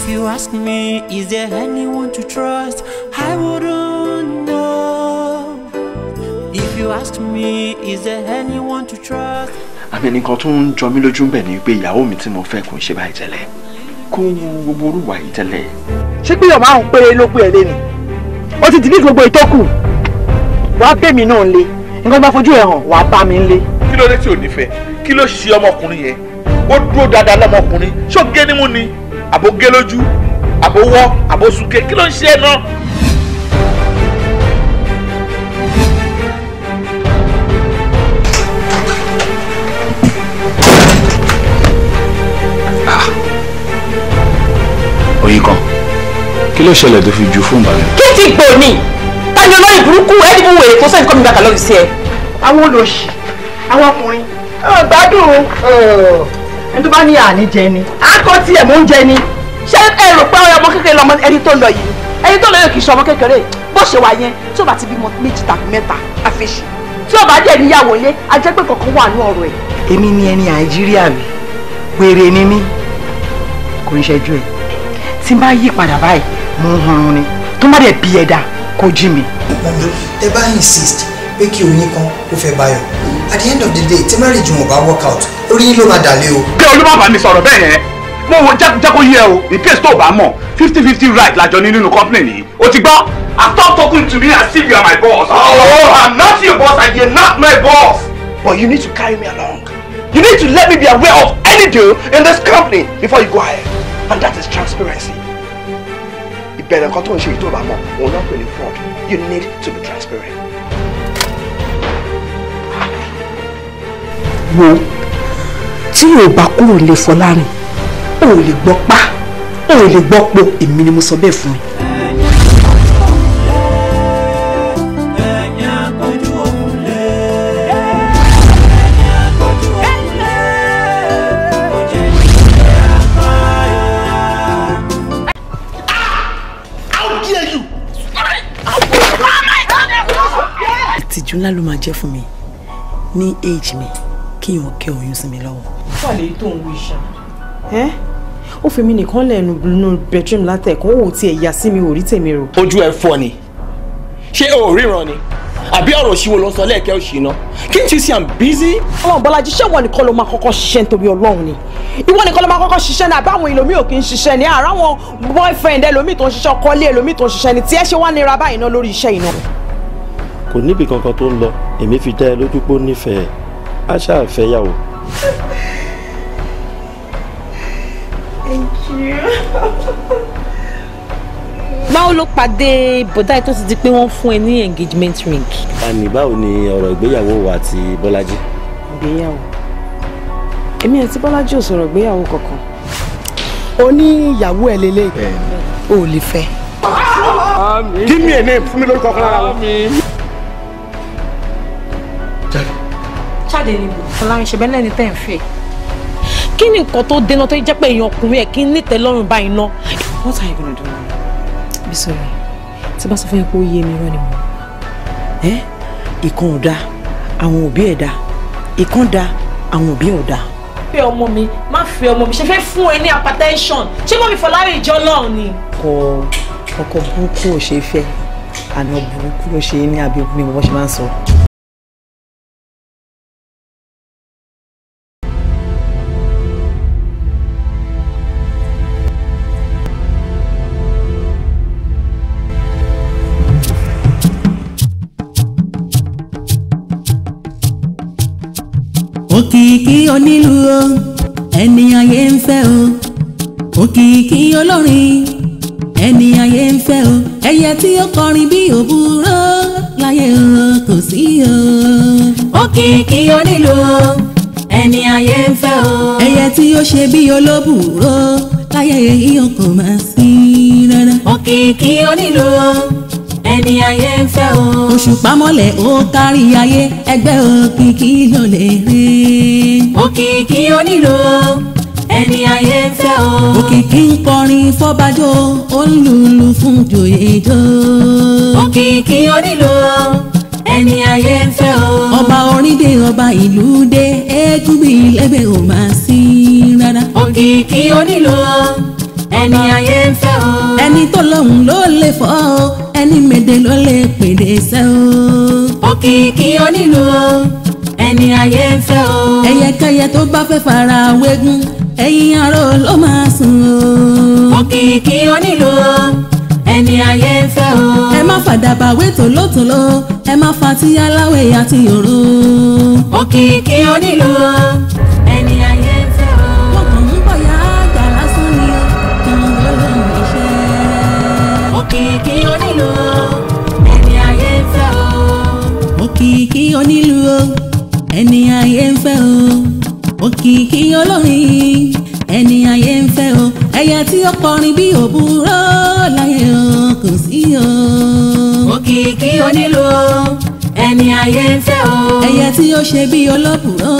If you ask me, is there anyone to trust? I wouldn't know. If you ask me, is there anyone to trust? àmì nìkan tó ń jọ mí lójú ń bẹ̀ ni pé ìyàwó mi tí mo fẹ́ kò ń ṣe báyìí tẹ́lẹ̀ kó ń gbogbo orúwà yìí tẹ́lẹ̀. ṣé pé ọmọ àrùn péré ló pé ẹ lé ni ó ti dìbí gbogbo ìtókù wàá bèmí náà lé nǹkan bá fojú ẹ hàn wàá bá mi lé. kí ló dé tí ò ní fẹ́ kí ló ṣe ọmọkùnrin yẹn ó dúró dáadáa lọmọkùnrin ṣó gé nímú ni àbò gé lójú àbò wọ́ àbò súnké kí ló ń ṣe é náà. Ah. oyin kan kí ló ṣẹlẹ̀ tó fi ju fóònù balẹ̀. kí ti gbò ní tani olórí burúkú ẹdínwó wèrè tó sẹ́yìn kọ́mi bàkà lọ́rùn sí ẹ. àwọn olóṣì àwọn ọkùnrin gbádùn ẹni tó bá ní àní jẹ ni akọ tiẹ̀ mò ń jẹ ni ṣé ẹ rò pé ọmọ kékeré lọmọ ẹni tó lọ yìí ẹni tó lọ yìí kì í ṣe ọmọ kékeré bó ṣe wà yẹn tí ó bá ti bímọ méjì tàbí mẹ́ta àfẹ́ṣì tí ó bá dẹ̀ níyàwó lé ajẹ́pẹ́ kankan wà ní ọ̀rọ̀ ẹ̀. èmi ni ẹni nàìjíríà mi wèrè ni mí kò ń ṣẹ́jú ẹ̀ tí n bá yí padà báyìí mo ń hanrun ni tó má dẹ̀ bí ẹ̀dá kó jí mi. mọ̀mí tẹ bá insist pé kí oyin kan kó fẹ́ báyọ̀ at the end of the day tí marriage wọn ò bá work out orí yín ló máa dàlẹ́ o. bí olú bàbá mi sọ̀rọ̀ bẹ́ẹ̀ yẹn mo wo jẹ́ kó yẹ o in case tó o bá mọ̀ fifty fifty right lájọ ní nínú company nìyí o ti gbọ́. and stop talking to me as if you are my boss. Oh, oh I'm not your boss I you're not my boss. But you need to carry me along. You need to let me be aware of any deal in this company before you go ahead. And that is transparency. ìbẹ̀rẹ̀ kan tó ń ṣe ìtò ìbámọ̀ òun náà pè ní fraud. You need to be transparent. wo tí yóò bá kúrò lè Fọlárin o ò lè gbọ́ pa o lè gbọ́ po èmi ni mo sọ bẹ́ẹ̀ fún mi. ìtìjú ńlá ló máa jẹ́ fún mi ní éèjì mi kéèyàn kẹ oyún sí mi lọ́wọ́. wà lè tó ń wíṣà. ẹ ó fi mi nìkan lẹ́nu nínú bedroom látẹ̀kọ́ òun tiẹ̀ yà sí mi ò rí tèmi rò. ojú ẹ fọ́ ni ṣé o ò ríran ni àbí ọ̀rọ̀ òṣìwò ló ń sọ lẹ́ẹ̀kẹ́ òṣìná kí n ti ṣe am busy. ọlọ́run bọlájí ṣé ìwọ nìkan ló máa kọ́kọ́ ṣiṣẹ́ nítorí ọlọ́run ni ìwọ nìkan ló máa kọ́kọ́ ṣiṣẹ́ ní àbáwọn ìlòmí ò kì í ṣiṣẹ́ ní àárọ̀ àwọn boyfriend ẹlòmíì tó ń ṣiṣẹ́ ọkọlé ẹlòmíì tó ń ṣiṣẹ́ ní tiẹ̀ ṣe wá nira báyìí náà lórí iṣẹ́ iná. kò níbi kankan tó ń lọ èmi fi dá ẹ lójú pé nífẹ̀ẹ́ a ṣáà fẹ́ yàwó. báwo ló pàdé bọ̀dá ẹ̀ tó ti di pé wọ́n fún ẹ ní engagement ring. àní báwo ni ọ̀rọ̀ ìgbéyàwó wa àti bọ́lájí. ìgbéyàwó èmi àti bọ́lájí ò sọ̀rọ̀ ìgbéyàwó kankan. o ní ìyàwó ẹ̀ lélẹ́yìí o ò lè fẹ́. kí ni ẹ̀ ní fún mi lórúkọ kan lára wọn. jáde níbo. ọlọ́run ìṣẹ̀bẹ́ náà ni tẹ́ ń fẹ́ kí ni nǹkan tó dènà tó jẹ́ pé èèyàn ọkùnrin ẹ̀ kí ní tẹ́lọ́rùn báyìí ná. what are you gonna do now. Bísọ́lá tí bá sọ fún yín pé ó yé mi rán ni mo. ẹ ìkan ò dáa àwọn òbí ẹ̀ dáa ìkan dáa àwọn òbí ẹ̀ ò dáa fẹ́ ọmọ mi má fẹ́ ọmọ mi ṣe fẹ́ fún ẹ ní hypertension ṣé mọ́mí fọlárin ìjọ ọlọ́run ni. ọkọ ọkọ burúkú ò ṣe fẹ́ àná burúkú ló ṣe ní abẹ́ òkú ni mo bọ́ ṣe máa ń sọ. òkìkí onílù o ẹni ayé ń fẹ́ o òkìkí olórin ẹni ayé ń fẹ́ o ẹyẹ tí ó kọrin bí òwúrọ̀ láyé o kò sí o. òkìkí onílù o ẹni ayé ń fẹ́ o. ẹyẹ tí ó ṣe bí olóbùúrọ̀ láyé yìí kò máa sí rárá. òkìkí onílù o ẹni ayé ń fẹ́ o. òṣùpá mọ́lẹ̀ ó kárí ayé ẹgbẹ́ òkìkí ló lè rí. òkìkí onílò ẹni ayé ń fẹ́ o. òkìkí ń kọrin fọ́bájọ́ ó ń lùlù fún jòyèjọ́. òkìkí onílò ẹni ayé ń fẹ́ o. ọba orin dé ọba ìlú dé eégúnbí lẹ́gbẹ̀ẹ́ ò máa sí rárá. òkìkí onílò ẹni ayé ń fẹ́ o. ẹni tó lóhùn ló lè fọ́ o ẹni mèdè ló lè pèdè sẹ́ o. òkìkí onílù o ẹni ayé ń fẹ́ o. ẹyẹkẹyẹ tó bá fẹ́ fara wégún ẹ̀yìn aró ló máa sùn o. òkìkí onílù o ẹni ayé ń fẹ́ o. ẹ má fàdàbà wé tòlótòló ẹ má fa tíyáláwé àti yòrò. òkìkí onílù o ẹni ayé onílù o ẹni ayé ń fẹ́ o òkìkí olórin ẹni ayé ń fẹ́ o ẹ̀yà tí ó kọrin bí òbúrò láyé o kò sí o. òkìkí onílù o ẹni ayé ń fẹ́ o. ẹ̀yà tí ó ṣe bí olóbùrò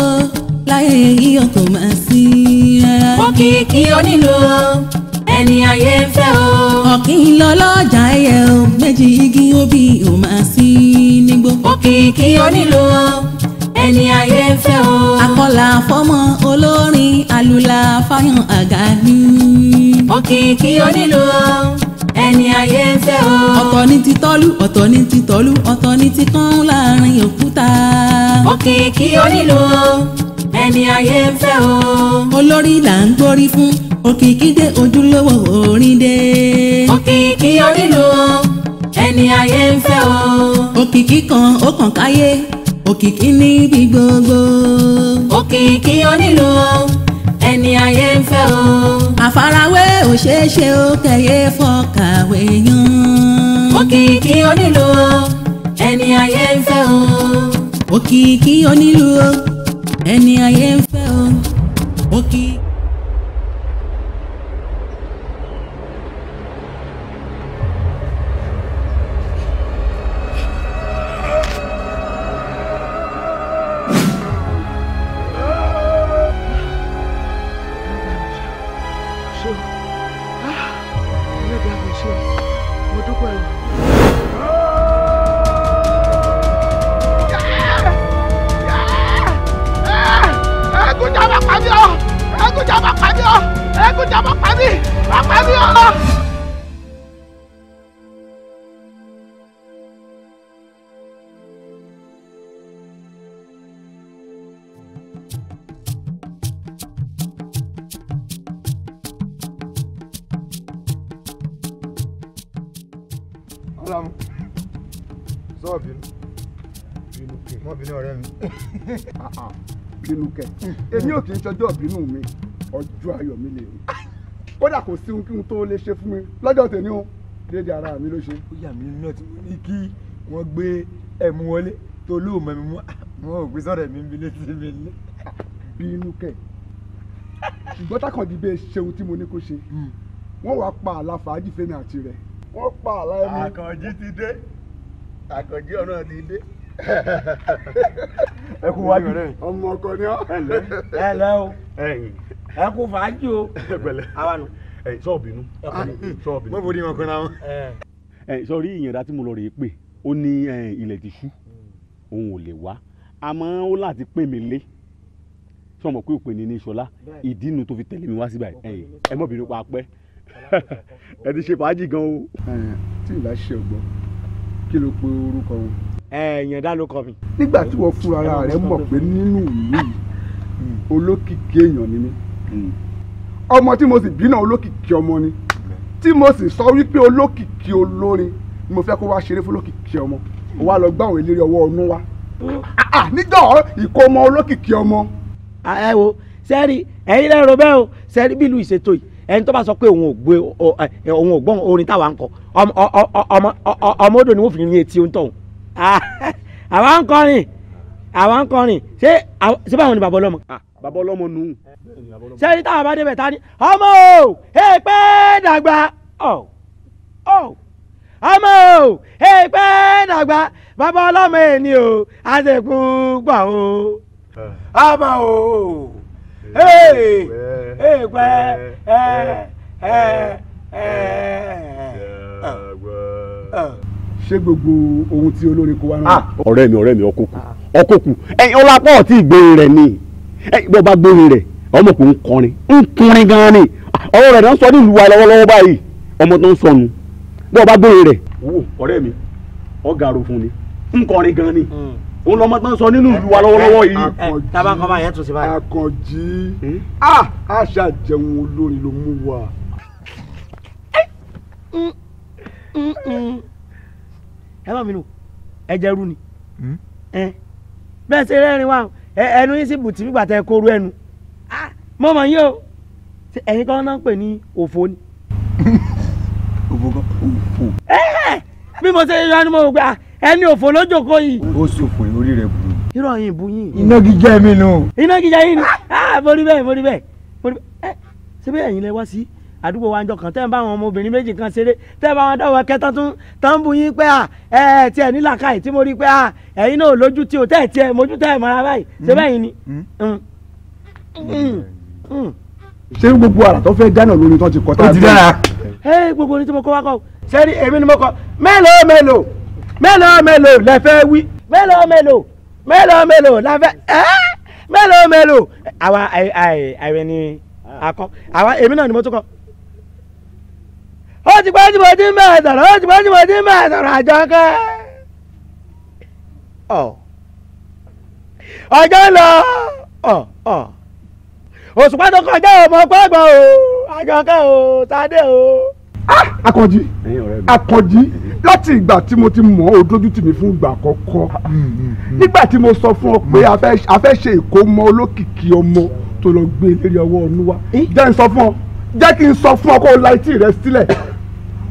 láyé yíyọ kò máa sí. òkìkí onílù o ẹni ayé ń fẹ́ o kí n lọ lọ́jà ẹyẹ o méjì igi obì ò máa sí nígbó. òkìkí onílò ẹni ayé ń fẹ́ o. akọ́là fọ́mọ olórin alùlà fáyàn àgàní. òkìkí onílò ẹni ayé ń fẹ́ o. ọ̀tọ̀ ni ti tọ́lú ọ̀tọ̀ ni ti tọ́lú ọ̀tọ̀ ni ti kán láàrin òkúta. òkìkí onílò ẹni ayé ń fẹ́ o. olórí là ń gbórí fún òkìkí dé ojúlówó orin dé. òkìkí onílù ẹni ayé ń fẹ́ o. òkìkí kan ó kàn káyé òkìkí níbi gbogbo. òkìkí onílù ẹni ayé ń fẹ́ o. àfarawé ò ṣeé ṣe ó kẹyẹ fọkàwé yan. òkìkí onílù ẹni ayé ń fẹ́ o. òkìkí onílù ẹni ayé ń fẹ́ o. òkìkí. bínú kẹ èmi ò kì í ṣọjọ́ bínú mi ọjọ́ ayọ̀ mi lè rí kódà kò sí ohun tó lè ṣe fún mi lọ́jọ́ tèmi o déédéé ara mi ló ṣe. ó yà mí náà tí mo ní kí wọ́n gbé ẹ̀mú wọlé tó lóòmọ mi mú àwọn òpin sọ̀rọ̀ mi ń bi létí mi lé. bínú kẹ ṣùgbọ́n tákàndí bẹ́ẹ̀ ṣeun tí mo ní kó ṣe hmm. wọ́n wàá pa àlà fàájì fẹ́mi àti rẹ̀ wọ́n pa àlà ẹ̀mí. àkànjí ti dé àkànjí ọ̀nà ti dé. ẹ kú wájú ọmọ ọkọ ni ọ ẹ lẹ o ẹ kú fàájì o àwọn sọ́ọ̀bìnú sọ́ọ̀bìnú mọ̀ fòdì ọkọ náà. sọrí ìyẹ̀dá tí mo lọ rèé pé ó ní ilẹ̀ ti ṣú hmm. òun ò lè wá àmọ́ ó láti pè mí lé sọmọ pé òpè ní ní sọlá ìdí inú tó fi tẹ̀lé mi wá sí báyìí ẹ mọ̀ bínú pa pẹ́ ẹ ti ṣe fàájì gan o. tí ìlà ṣe ọgbọ́n kí ló pe orúkọ wọn ẹ̀yàn dá ló kọ mi. nígbà tí wọ́n fúnra rẹ̀ mọ̀ pé nínú ìlú olókìkí èèyàn ni mí ọmọ tí mo sì bí náà olókìkí ọmọ ni tí mo sì sọ wípé olókìkí olórin ni mo fẹ́ kó wá ṣeré fún olókìkí ọmọ ó wá lọ gbá àwọn eléré ọwọ́ ọdún wa níjọ́ ìkómọ olókìkí ọmọ. ẹ wo sẹ́ẹ̀rì ẹ̀yin lẹ́rọ bẹ́ẹ̀ o sẹ́ẹ̀rì bílù ìṣètò yìí ẹni tó bá sọ pé òun ò gbé òun ò gbọ́n orin táwa ń kọ ọmọ odò ni wọ́n fi ní etí ń tọ̀hún àwa ń kọrin àwa ń kọrin ṣé ṣé báwọn ni bàbá ọlọ́mọ. bàbá ọlọ́mọ nù. ṣé ẹni táwọn bá débẹ̀ ta ni ọmọ o èèpẹ̀ dàgbà ọ̀ ọ̀ ọmọ o èèpẹ̀ dàgbà bàbá ọlọ́mọ èèní o àṣekú gbà o ọmọ o èèpẹ̀ ẹ̀ ẹ̀ ẹ̀ se gbogbo ohun tí olórin kó wá náà. Ah, ọ̀rẹ́ mi ọ̀rẹ́ mi ọkọ̀ kù ẹ̀yin ọlápá ọ̀tí rẹ̀ ni bó bá rẹ̀ ọmọ kò ń gan ni ọ̀rọ̀ rẹ̀ náà sọ ní ìlú wa lọ́wọ́lọ́wọ́ báyìí ọmọ tó ń bó bá rẹ̀. wo mi fún mi ń ni hmm. òun tó ń sọ nínú ìlú wa lọ́wọ́lọ́wọ́ yìí. Eh, eh, eh, ẹ má bínú ẹ jẹ́ rú ni hmm? bẹ́ẹ̀ ṣe rẹ́rìn wá ẹnu yín sì bùtì nígbà tẹ́ ẹ kó rú ẹnu ah, mọ́ mọ́ yín o ẹ̀yin kan náà ń pè ní òfò ni. òfò kan òfò. bí mo ṣe yọ ẹni mo rò pé ah, ẹni òfò ló jókòó yìí. ó ṣòfò orí rẹ bù. irọ́ yìí bù yín. iná gíga mi nù. iná gíga yín ni ah, mo rí bẹ́ẹ̀ mo rí bẹ́ẹ̀ mo rí bẹ́ẹ̀ ṣé bẹ́ẹ̀ ẹ̀yin lẹ wá sí àdúgbò wa ń jọ kàn tẹ́ ń bá àwọn ọmọbìnrin méjì kan ṣeré tẹ́ bá wọn dáwọ́ kẹta tún tán bu yín pé ẹ ẹ tiẹ̀ ní làkàyè tí mo rí pé à náà lójú tí o tẹ́ ẹ̀ tiẹ̀ mojú tẹ́ ẹ̀ mọ́ra báyìí ṣé mm-hmm. bẹ́ẹ̀ ni. Mm-hmm. Mm. Mm. Mm. ṣé gbogbo àrà tó fẹ́ dáná lórí tó ti kọ́ tá a bẹ́ẹ̀. ẹ gbogbo orin tí mo kọ́ wá kọ́ ṣé rí èmi ni mo kọ́ mélòó mélòó mélòó mélòó lẹ fẹ́ wí mélòó mélòó mélòó mélòó la fẹ́ mélòó mélòó àwa àìrẹ ni akọ àwa èmi náà ni mo tún kọ́ ó ti pẹ́ tí mo ti ń bẹ̀rẹ̀ sọ̀rọ̀ ó ti pẹ́ tí mo ti ń bẹ̀rẹ̀ sọ̀rọ̀ àjọkẹ́. ọjọ́ ń lọ òṣùpá tó kọjá ò mọ pẹ́gbọ́n o àjọkẹ́ o Tádé o. akọ̀jì ah, akọ̀jì láti ìgbà tí mo ti mọ̀ ọ́ tì mí fún ìgbà àkọ́kọ́ mm, mm, mm. nígbà tí mo sọ fún ọ pé a fẹ́ ṣe ìkómọ olókìkí ọmọ tó lọ gbé lérí ọwọ́ eh? ọ̀nùwà jẹ́ kí n sọ fún ọ kó o la etí rẹ sílẹ̀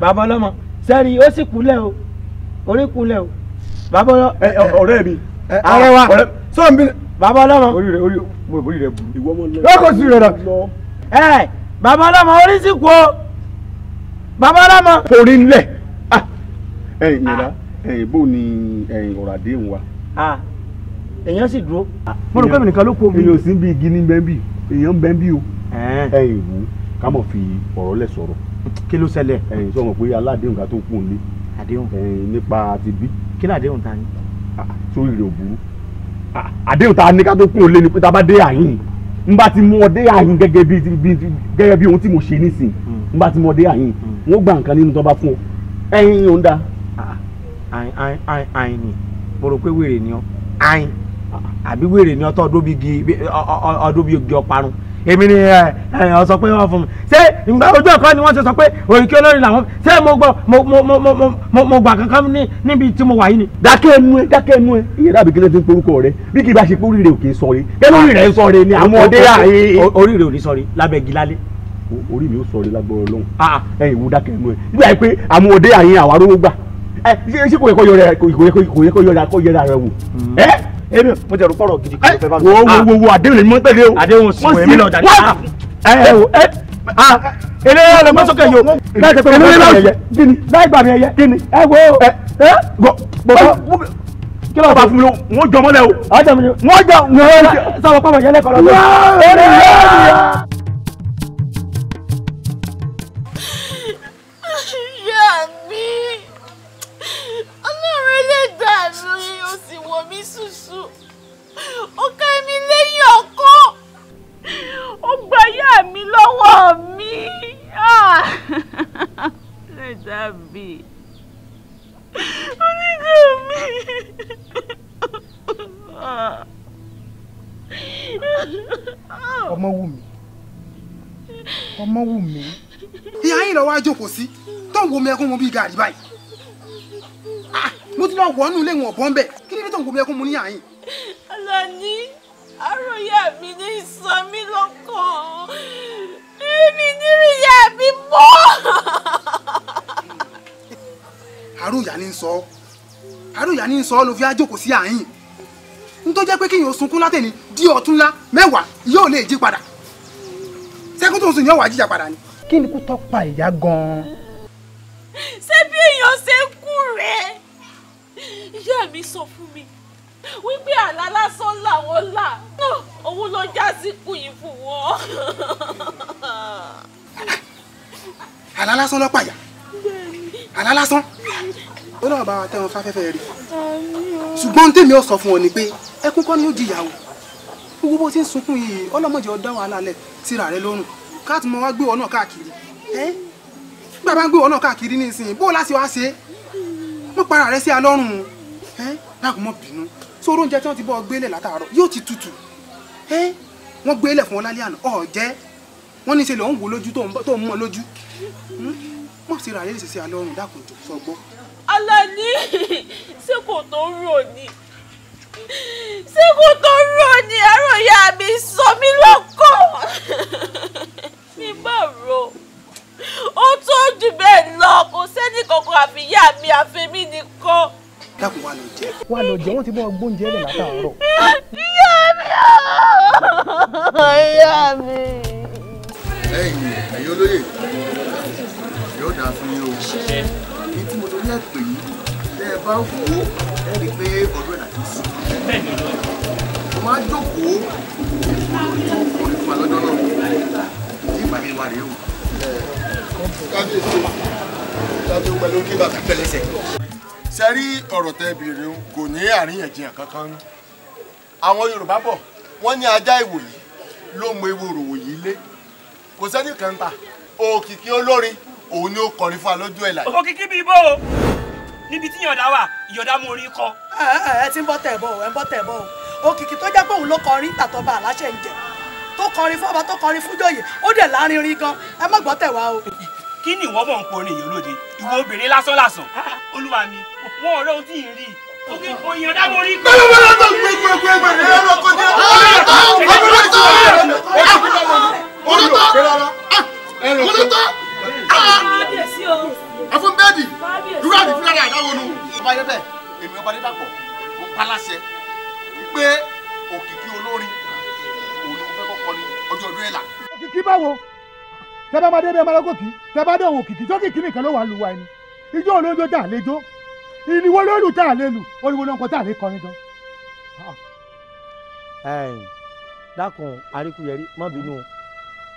bàbá ọlọ́mọ sẹ́ni ó sì kúnlẹ̀ o orí kúnlẹ̀ o bàbá ọlọ́mọ. ọ̀rẹ́ mi ààrẹ wa sọ́ọ̀nbí. bàbá ọlọ́mọ. orí rẹ orí orí rẹ bù ìwọ mọ lẹ. lọ́kọ̀ sí rẹ̀ rẹ̀. ẹ bàbá ọlọ́mọ orí sì kú o bàbá ọlọ́mọ. orí ńlẹ̀ ẹ ìyẹ̀dá ẹ bó ni ọ̀rọ̀ àdéhùn wa. èèyàn sì dúró. mo rò pé mìnìkan ló kó omi. èèyàn sì ń bí igi ní bẹ́ẹ̀ bí èèyàn ń bẹ́ẹ̀ bí o. ẹ ìwú ká mọ̀ fi ọ̀rọ̀ lẹ̀ sọ̀rọ̀ kí ló ṣẹlẹ̀. ẹyin sọ wọn pé aládéhùn ká tó kù ń lé. àdéhùn. ẹyin nípa ti bí. kí ni àdéhùn ta ni. Ah, sórí rẹ̀ ò burú. Ah, àdéhùn ta ni ká tó kù ń lé ni pé tá a bá dé àyìn n bá ti mú ọ dé àyìn gẹ́gẹ́ bí gẹ́gẹ́ bí ohun tí mo ṣe nísìn hmm. n bá ti mú ọ dé àyìn wọ́n hmm. gba nǹkan nínú tó bá fún ọ ẹyin yóò ń da. Ah, àyìn ni mo rò pé wèrè ni ọ àyìn àbí wèrè ni ọ ọdún bí igi ọparun èmi ni eh, eh, ọ sọ pé wọ́n fún mi ṣé ìgbà ojú ẹ̀kọ́ ni wọ́n ṣe sọ pé òyìnkí olórin làwọn ṣé mo gbọ́ mo gbà kankan níbi tí mo wà yìí ni. dákẹ́ ẹnu ẹ dákẹ́ ẹnu ẹ ìyẹn dàbí kí ló ti ń porúkọ rẹ bí kì í bá ṣe pé oríire òkè sọrí kẹ́lí oríire ń sọrí ni àwọn ọdẹ yà é. oríire ò ní sọrí lábẹ́ gilálé. orí mi ò sọrí lágbọ́rọ̀ lọ́hùn. Ah, ah. ẹ̀yin wo dákẹ́ ẹnu ẹ nígbà yìí pé àwọn ọdẹ yà yín àwa rówó gbà ẹ ṣé kò yẹ kó yọra kò yẹ kó yọra kó yẹra rẹ wò mm. ẹ èmi mo tẹ̀rù pọ̀rọ̀ gidi kan fẹ́ bá mi. wo wo wo àdéhùn lèmi mọ́ tẹ̀lé o. àdéhùn sì èmi lọ dàdí. ẹ ẹ ah ele yẹn lọ mọ́sọ́kẹ́ yìí o. bẹ́ẹ̀ tẹ pé mo gbà mí ẹyẹ kíni bẹ́ẹ̀ gbà mí ẹyẹ kíni ẹ wo ẹ ẹ gbọ́ kí ló bá fún mi lọ wọ́n jọ mọ́lẹ̀ o. mi ni wọ́n jọ wọ́n sọ wọn yẹlẹ kọ́ lọ́dọ̀. mi ṣùṣù ó ká mi lẹ́yìn ọkọ ó gba ìyá mi lọ́wọ́ mi ah. lẹ́dà bí onídùú mi. ọmọ wù mí ọmọ wù mí ìyá yín lọ wá jókòó sí tó ń wo mi ẹkún mu bí gàrí báyìí. Ah. mo ti lọ wọ ọ́nù ilé ìwọ̀n bọ́ńbẹ́ kí ni tó ń gbomi ẹkún mu ní àyìn. Àlàní àròyé mi ní ìsàn mi lọ́kàn mi nírìyà mi mọ́. àròyà ni ń sọ àròyà ni ń sọ ló fi n tó pé sunkún di ọ̀túnla mẹ́wàá yóò lè jí padà sẹ́kún sùn yóò wá jíjà padà ni. kí ni kú tọ́ pa ìyá gan ọ̀rẹ́ mi sọ fún mi wípé àlá lásán làwọn là òun ló já síkú yìí fún wọn. àlá lásán ló pàyà àlá lásán ó náà bá wa tẹ́ wọn fáfẹ́fẹ́ rí ṣùgbọ́n tèmi ò sọ fún ọ ni pé ẹkún kọ́ ni ó jìyà o gbogbo bó ti ń sunkún yìí ọlọ́mọdé ọdá wàhálà lẹ̀ síra rẹ lọ́rùn káàtì mo wá gbé ọ náà káàkiri bàbá ń gbé ọ náà káàkiri nísìnyí bó o láti wá ṣe é mo para rẹ sí alọ́rùn o ẹ dákun mọ́ bínú sóró oúnjẹ tí wọ́n ti bọ́ gbélé látàárọ̀ yóò ti tutù ẹ wọ́n gbélé fún ọ lálẹ́ àná ọ̀ jẹ́ wọ́n ní í ṣe lọ́ọ́ ń wo lójú tó ń mọ́ lójú mọ̀ hm? sí ra ayé lè ṣe sí alẹ́ ọ̀run dákun jù sọ gbọ́. Àlàní ṣé kò tó rò ni ṣé kò tó rò ni ẹ̀rọ ìyá mi sọ mí lọ́kọ̀ mi rò ó tó jù bẹ́ẹ̀ lọ kò sẹ́ni kankan àfi ìyá mi àfẹ́mí nìkan dákun wà ló jẹ. wà ló jẹ wọn ti bọ gbóúnjẹ rẹ látàárọ̀. ìyá mi ooo ìyá mi. ẹ̀yin ẹ̀yin olóyè yóò dáa fún yín o ní tí mo torí ẹ pè yín tẹ ẹ bá wò ó ẹ rí i pé ọdún ẹ̀ làkè sí. mo máa jókòó orí fún wa lọ́jọ́ náà tí ìpàdé wa rèé o. kábíyèsí kábíyèsí pẹ̀lú kí bàbá pẹ̀lẹ́sẹ̀ sẹ́rí ọ̀rọ̀ tẹ́ bìrì ń kò ní àríyànjiyàn kankan ní àwọn Yorùbá bọ̀ wọ́n ní ajá ìwòyí ló mọ ewu òròwò yìí lé kò sẹ́ni kan ta òkìkí olórin òun ni ó kọrin fún wa lójú ẹ̀ láyé. òkìkí bíi bó o níbi tí yọ̀dá wà ìyọ̀dá mú orin kọ. ẹ ti ń bọ́ tẹ̀ bọ́ o ẹ ń bọ́ tẹ̀ bọ́ o òkìkí tó jẹ́ pé òun ló kọrin tàtọ́ba àláṣẹ ń jẹ tó kọrin fún ọba tó kọrin fún jòyè ó dẹ̀ láàrin orin gan ẹ má tẹ̀ wá o. kí ni ìwọ mọ̀ ń porin ìyọ́ lóde ìwọ obìnrin lásán lásán ah, ah. olúwa mi wọn ọ̀rẹ́ o ti rí o ti fò yàn dábò rí. bẹ́ẹ̀ bẹ́ẹ̀ bẹ́ẹ̀ bẹ́ẹ̀ gbé gbé ẹ lọ kọjá. mọ̀lẹ́tọ̀ ẹ̀fọn bẹ́ẹ̀dì irú àdìfúnra rẹ̀ àdáwọ̀ nù. ọba yẹ bẹ́ẹ̀ èmi ọba dé dàpọ̀ mo pa láṣẹ pé òkìkí olórin òun ni mo fẹ́ kọ́kọ́ ní ọjọ́ ọdún ẹ̀là. òkìkí báwo tẹ bá máa dé bí ẹ máa lọ gòkì tẹ bá dé òun òkìkí jókìkí nìkan ló wà lùwà ẹni ijó olóńjó dà lẹjọ ìníwó lóòlù tá a lè lù oríwo náà kọ tá a lè kọrin gan. dákun àríkúyẹrí má bínú o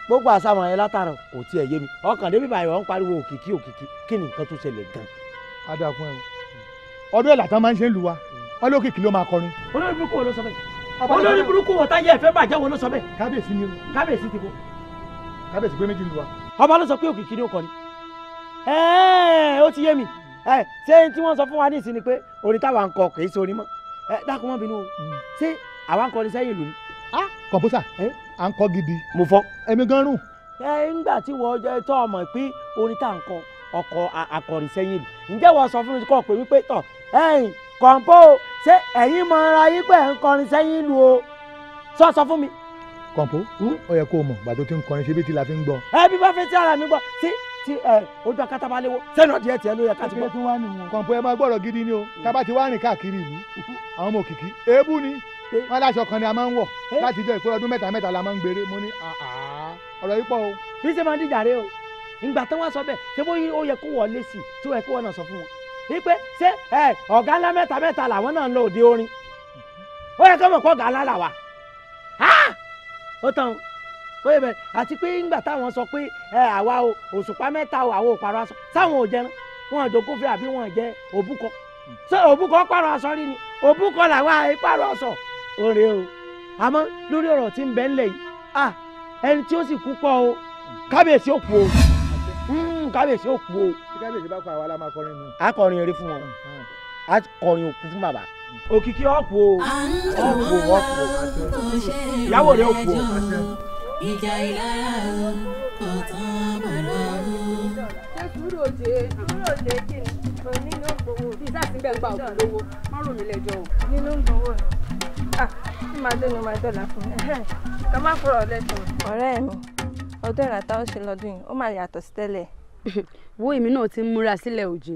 gbogbo àsámọ ẹ látara kò tiẹ̀ yé mi ọkàn débi báyìí wọn ń pariwo òkìkí òkìkí kí ni nǹkan tó ṣẹlẹ̀ gan. adakun ẹ o ọdún ẹ̀ làtàn máa ń ṣe ń lu wa olókìkí ló máa kọrin. olórí burúkú wo ló sọ bẹ́ẹ̀ olórí burúkú wo táyé ẹ̀fẹ́ bàjẹ́ wo ló sọ bẹ́ẹ̀. kábíyèsí ni o kábíyèsí ti bo kábíyèsí pé méjì lu wa. ọba ló sọ pé òkìkí ni ó kọrin ó ti yé mi ẹ ṣé tí wọ́n sọ fún wa ní ìsìn ni pé orin táwa ń kọ kì í ṣe orin mọ́ ẹ dákun mọ́ bínú o mm. ṣé àwa ń kọrin sẹ́yìn lónìí. a kọ̀mpútà à ń kọ gidi. mo fọ. èmi gan rùn. ẹ ńgbà tí wọ́n jẹ́ tọ́ ọmọ pé orin tá à ń kọ ọkọ̀ akọrin sẹ́yìn lù ǹjẹ́ wọ́n sọ fún mi kọ́ pé wípé tọ̀ ẹ̀yìn kọ̀ǹpó ṣé ẹ̀yin mọ ara yín pé ẹ̀ ń kọrin sẹ́yìn lù o sọ sọ fún mi. kọ̀ǹpó hmm? ó yẹ kó o mọ̀ gbàdó tí ń kọrin ṣe bí tí la fi ń gbọ́. ẹ bí bá fẹ́ tí ara mi gbọ́ sí tí ẹ ojú akátá bá léwó sẹ́nu ọ̀dì tiẹ̀ ló yẹ ká ti gbọ́. ẹgbẹ́ ẹ máa gbọ́dọ̀ gidi ni o hmm. tábà ti wá rìn káàkiri ìlú àwọn ọmọ òkìkí èébú ni wọn láṣọ kan ni a máa ń wọ̀ láti jọ ìpé ọdún mẹ́ta mẹ́ta la máa ń gbére mo ní ọ̀rọ̀ yìí pọ̀ o. bí ṣe máa ń díjà rẹ o ìgbà tí wọ́n sọ bẹ́ẹ̀ ṣé bó ó yẹ kó wọlé sí i tí ó yẹ kó wọ́n náà sọ fún wọn wípé ṣé ọ̀gá ńlá mẹ́ta mẹ́ta làwọn náà ń lọ òde orin ó yẹ kó mọ̀ pọ̀ ọ̀gá ńlá làwà ó tán o lóye bẹ́ẹ̀ àti pé ńgbà táwọn sọ pé ẹ àwa o òṣùpá mẹ́ta o àwọn òpàrọ̀ aṣọ sáwọn ò jẹun wọn àjòkó fi àbí wọn jẹ òbúkọ ṣé òbúkọ pàrọ̀ aṣọ rí ni òbúkọ làwa ìpàrọ̀ aṣọ òrè o àmọ́ lórí ọ̀rọ̀ tí ń bẹ ńlẹ̀ yìí à ẹni tí ó sì kú pọ̀ o kábíyèsí ò kú o hmm, kábíyèsí ò kú o. tí kábíyèsí bá kọ àwa la máa kọrin nù. a kọrin eré fún wọn a kọrin òkú fún bàbá òkìkí ọ̀pọ̀ ọ̀pọ̀ ọ̀pọ̀ ìyàwó rẹ̀ ọ̀pọ̀ ìjà ìlara o kò tán bàrà o. ṣé sùúrù òde sùúrù òde kí ni mo nínú gbowó. bí sáàsì bẹ́ẹ̀ gba ọ̀rẹ́ mi ọdún ó ṣe lọ́dún yìí ó máa yàtọ̀ sí tẹ́lẹ̀. wo èmi náà ti ń múra sílẹ̀ òjò.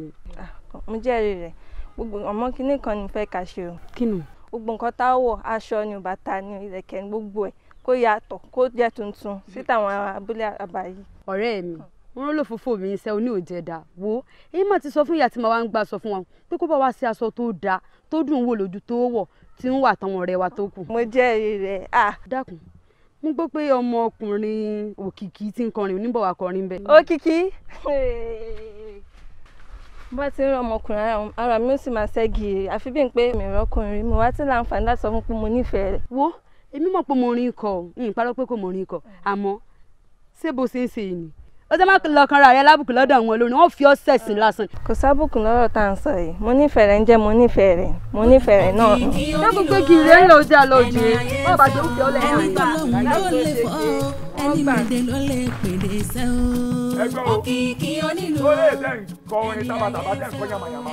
mo jẹ́rìí rẹ̀ gbogbo ọmọ kínní kan ni mo fẹ́ ká ṣe o. kí ni. gbogbo nǹkan tá a wọ, aṣọ ni bàtà ni ìlẹ̀kẹ̀ ni gbogbo ẹ̀ kó yàtọ̀ kó jẹ́ tuntun sí tàwọn abúlé àbá yìí. ọ̀rẹ́ mi wọn lò fòfò mi iṣẹ́ oní òjẹ̀dà wo èyí mà ti sọ fún ìyá tí màá wá ń gbà sọ fún wọn pé kó bá wa ṣe aṣọ tó dáa tó dùn wò lójú tó wọ̀ tí ń wà táwọn ọ̀rẹ́ wa tó kù. mo jẹ́ èrè rẹ̀ à. dákun mo gbọ́ pé ọmọkùnrin òkìkí tí ń kọrin oníbọ̀ wa kọrin bẹ́ẹ̀. òkìkí bá ti ń rí ọmọkùnrin ara mi ó sì máa ṣẹ́gi àfi bí n pé mi rọ́kùnrin mo wá ti láǹfààní láti sọ fún pé mo nífẹ̀ẹ́ rẹ̀. wo èmi mọ̀ pé mo rin ikọ̀ o n parọ́ pé kò mo rin ikọ̀ àmọ́ ṣé bó ṣe ń ṣe yìí ni ó jẹ́ má lọ́kàn ra rẹ lábùkù lọ́dọ̀ àwọn olórin wọ́n fi ọ́ sẹ̀sìn lásán. kò sábùkù lọ́rọ̀ tá à ń sọ yìí mo nífẹ̀ẹ́ rẹ̀ ń jẹ́ mo nífẹ̀ẹ́ rẹ̀ mo nífẹ̀ẹ́ rẹ̀ náà. dábùú pé kì í rẹ́ ń lọ sí àlọ́ òjì rẹ̀ wọ́n bàjẹ́ òkè ọ̀lẹ́ náà ẹni mèdè ló lè pèdè sẹ́ o. òkìkí onílù. ó lè tẹ̀ ń kọ orin tábàtàbà tẹ̀ ń kọ yamayama.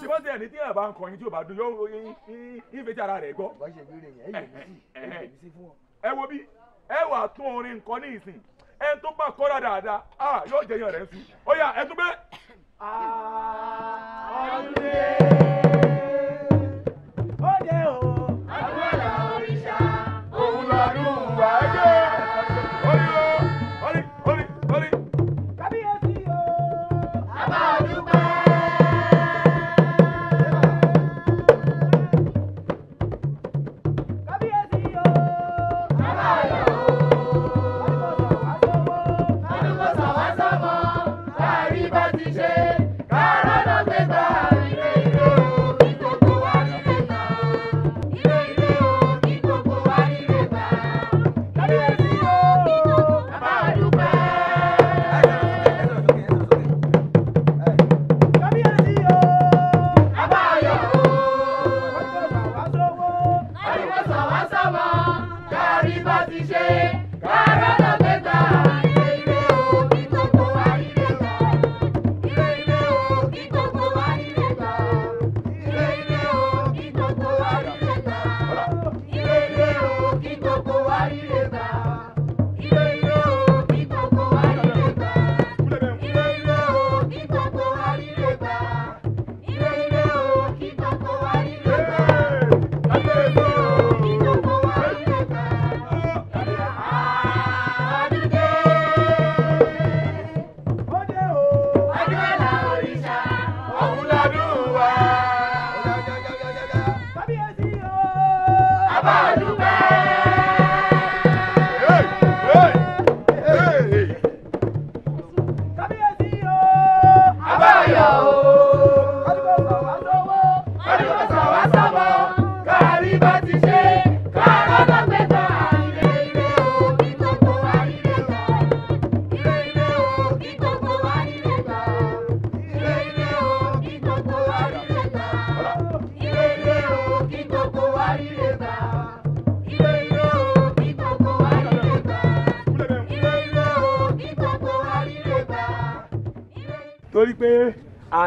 tí wọ́n tẹ̀ ní tí yàrá ń kọrin tí ò bá dùn yóò ìfẹ́tí ara rẹ̀ gbọ́. ẹ wo bí ẹ wà tún orin nǹkan ní ìsìn ẹ tó bá kọ́ra dáadáa yóò jẹyàn rẹ̀ sùn ó yá ẹ tún gbé. ọdún dé ó dé o.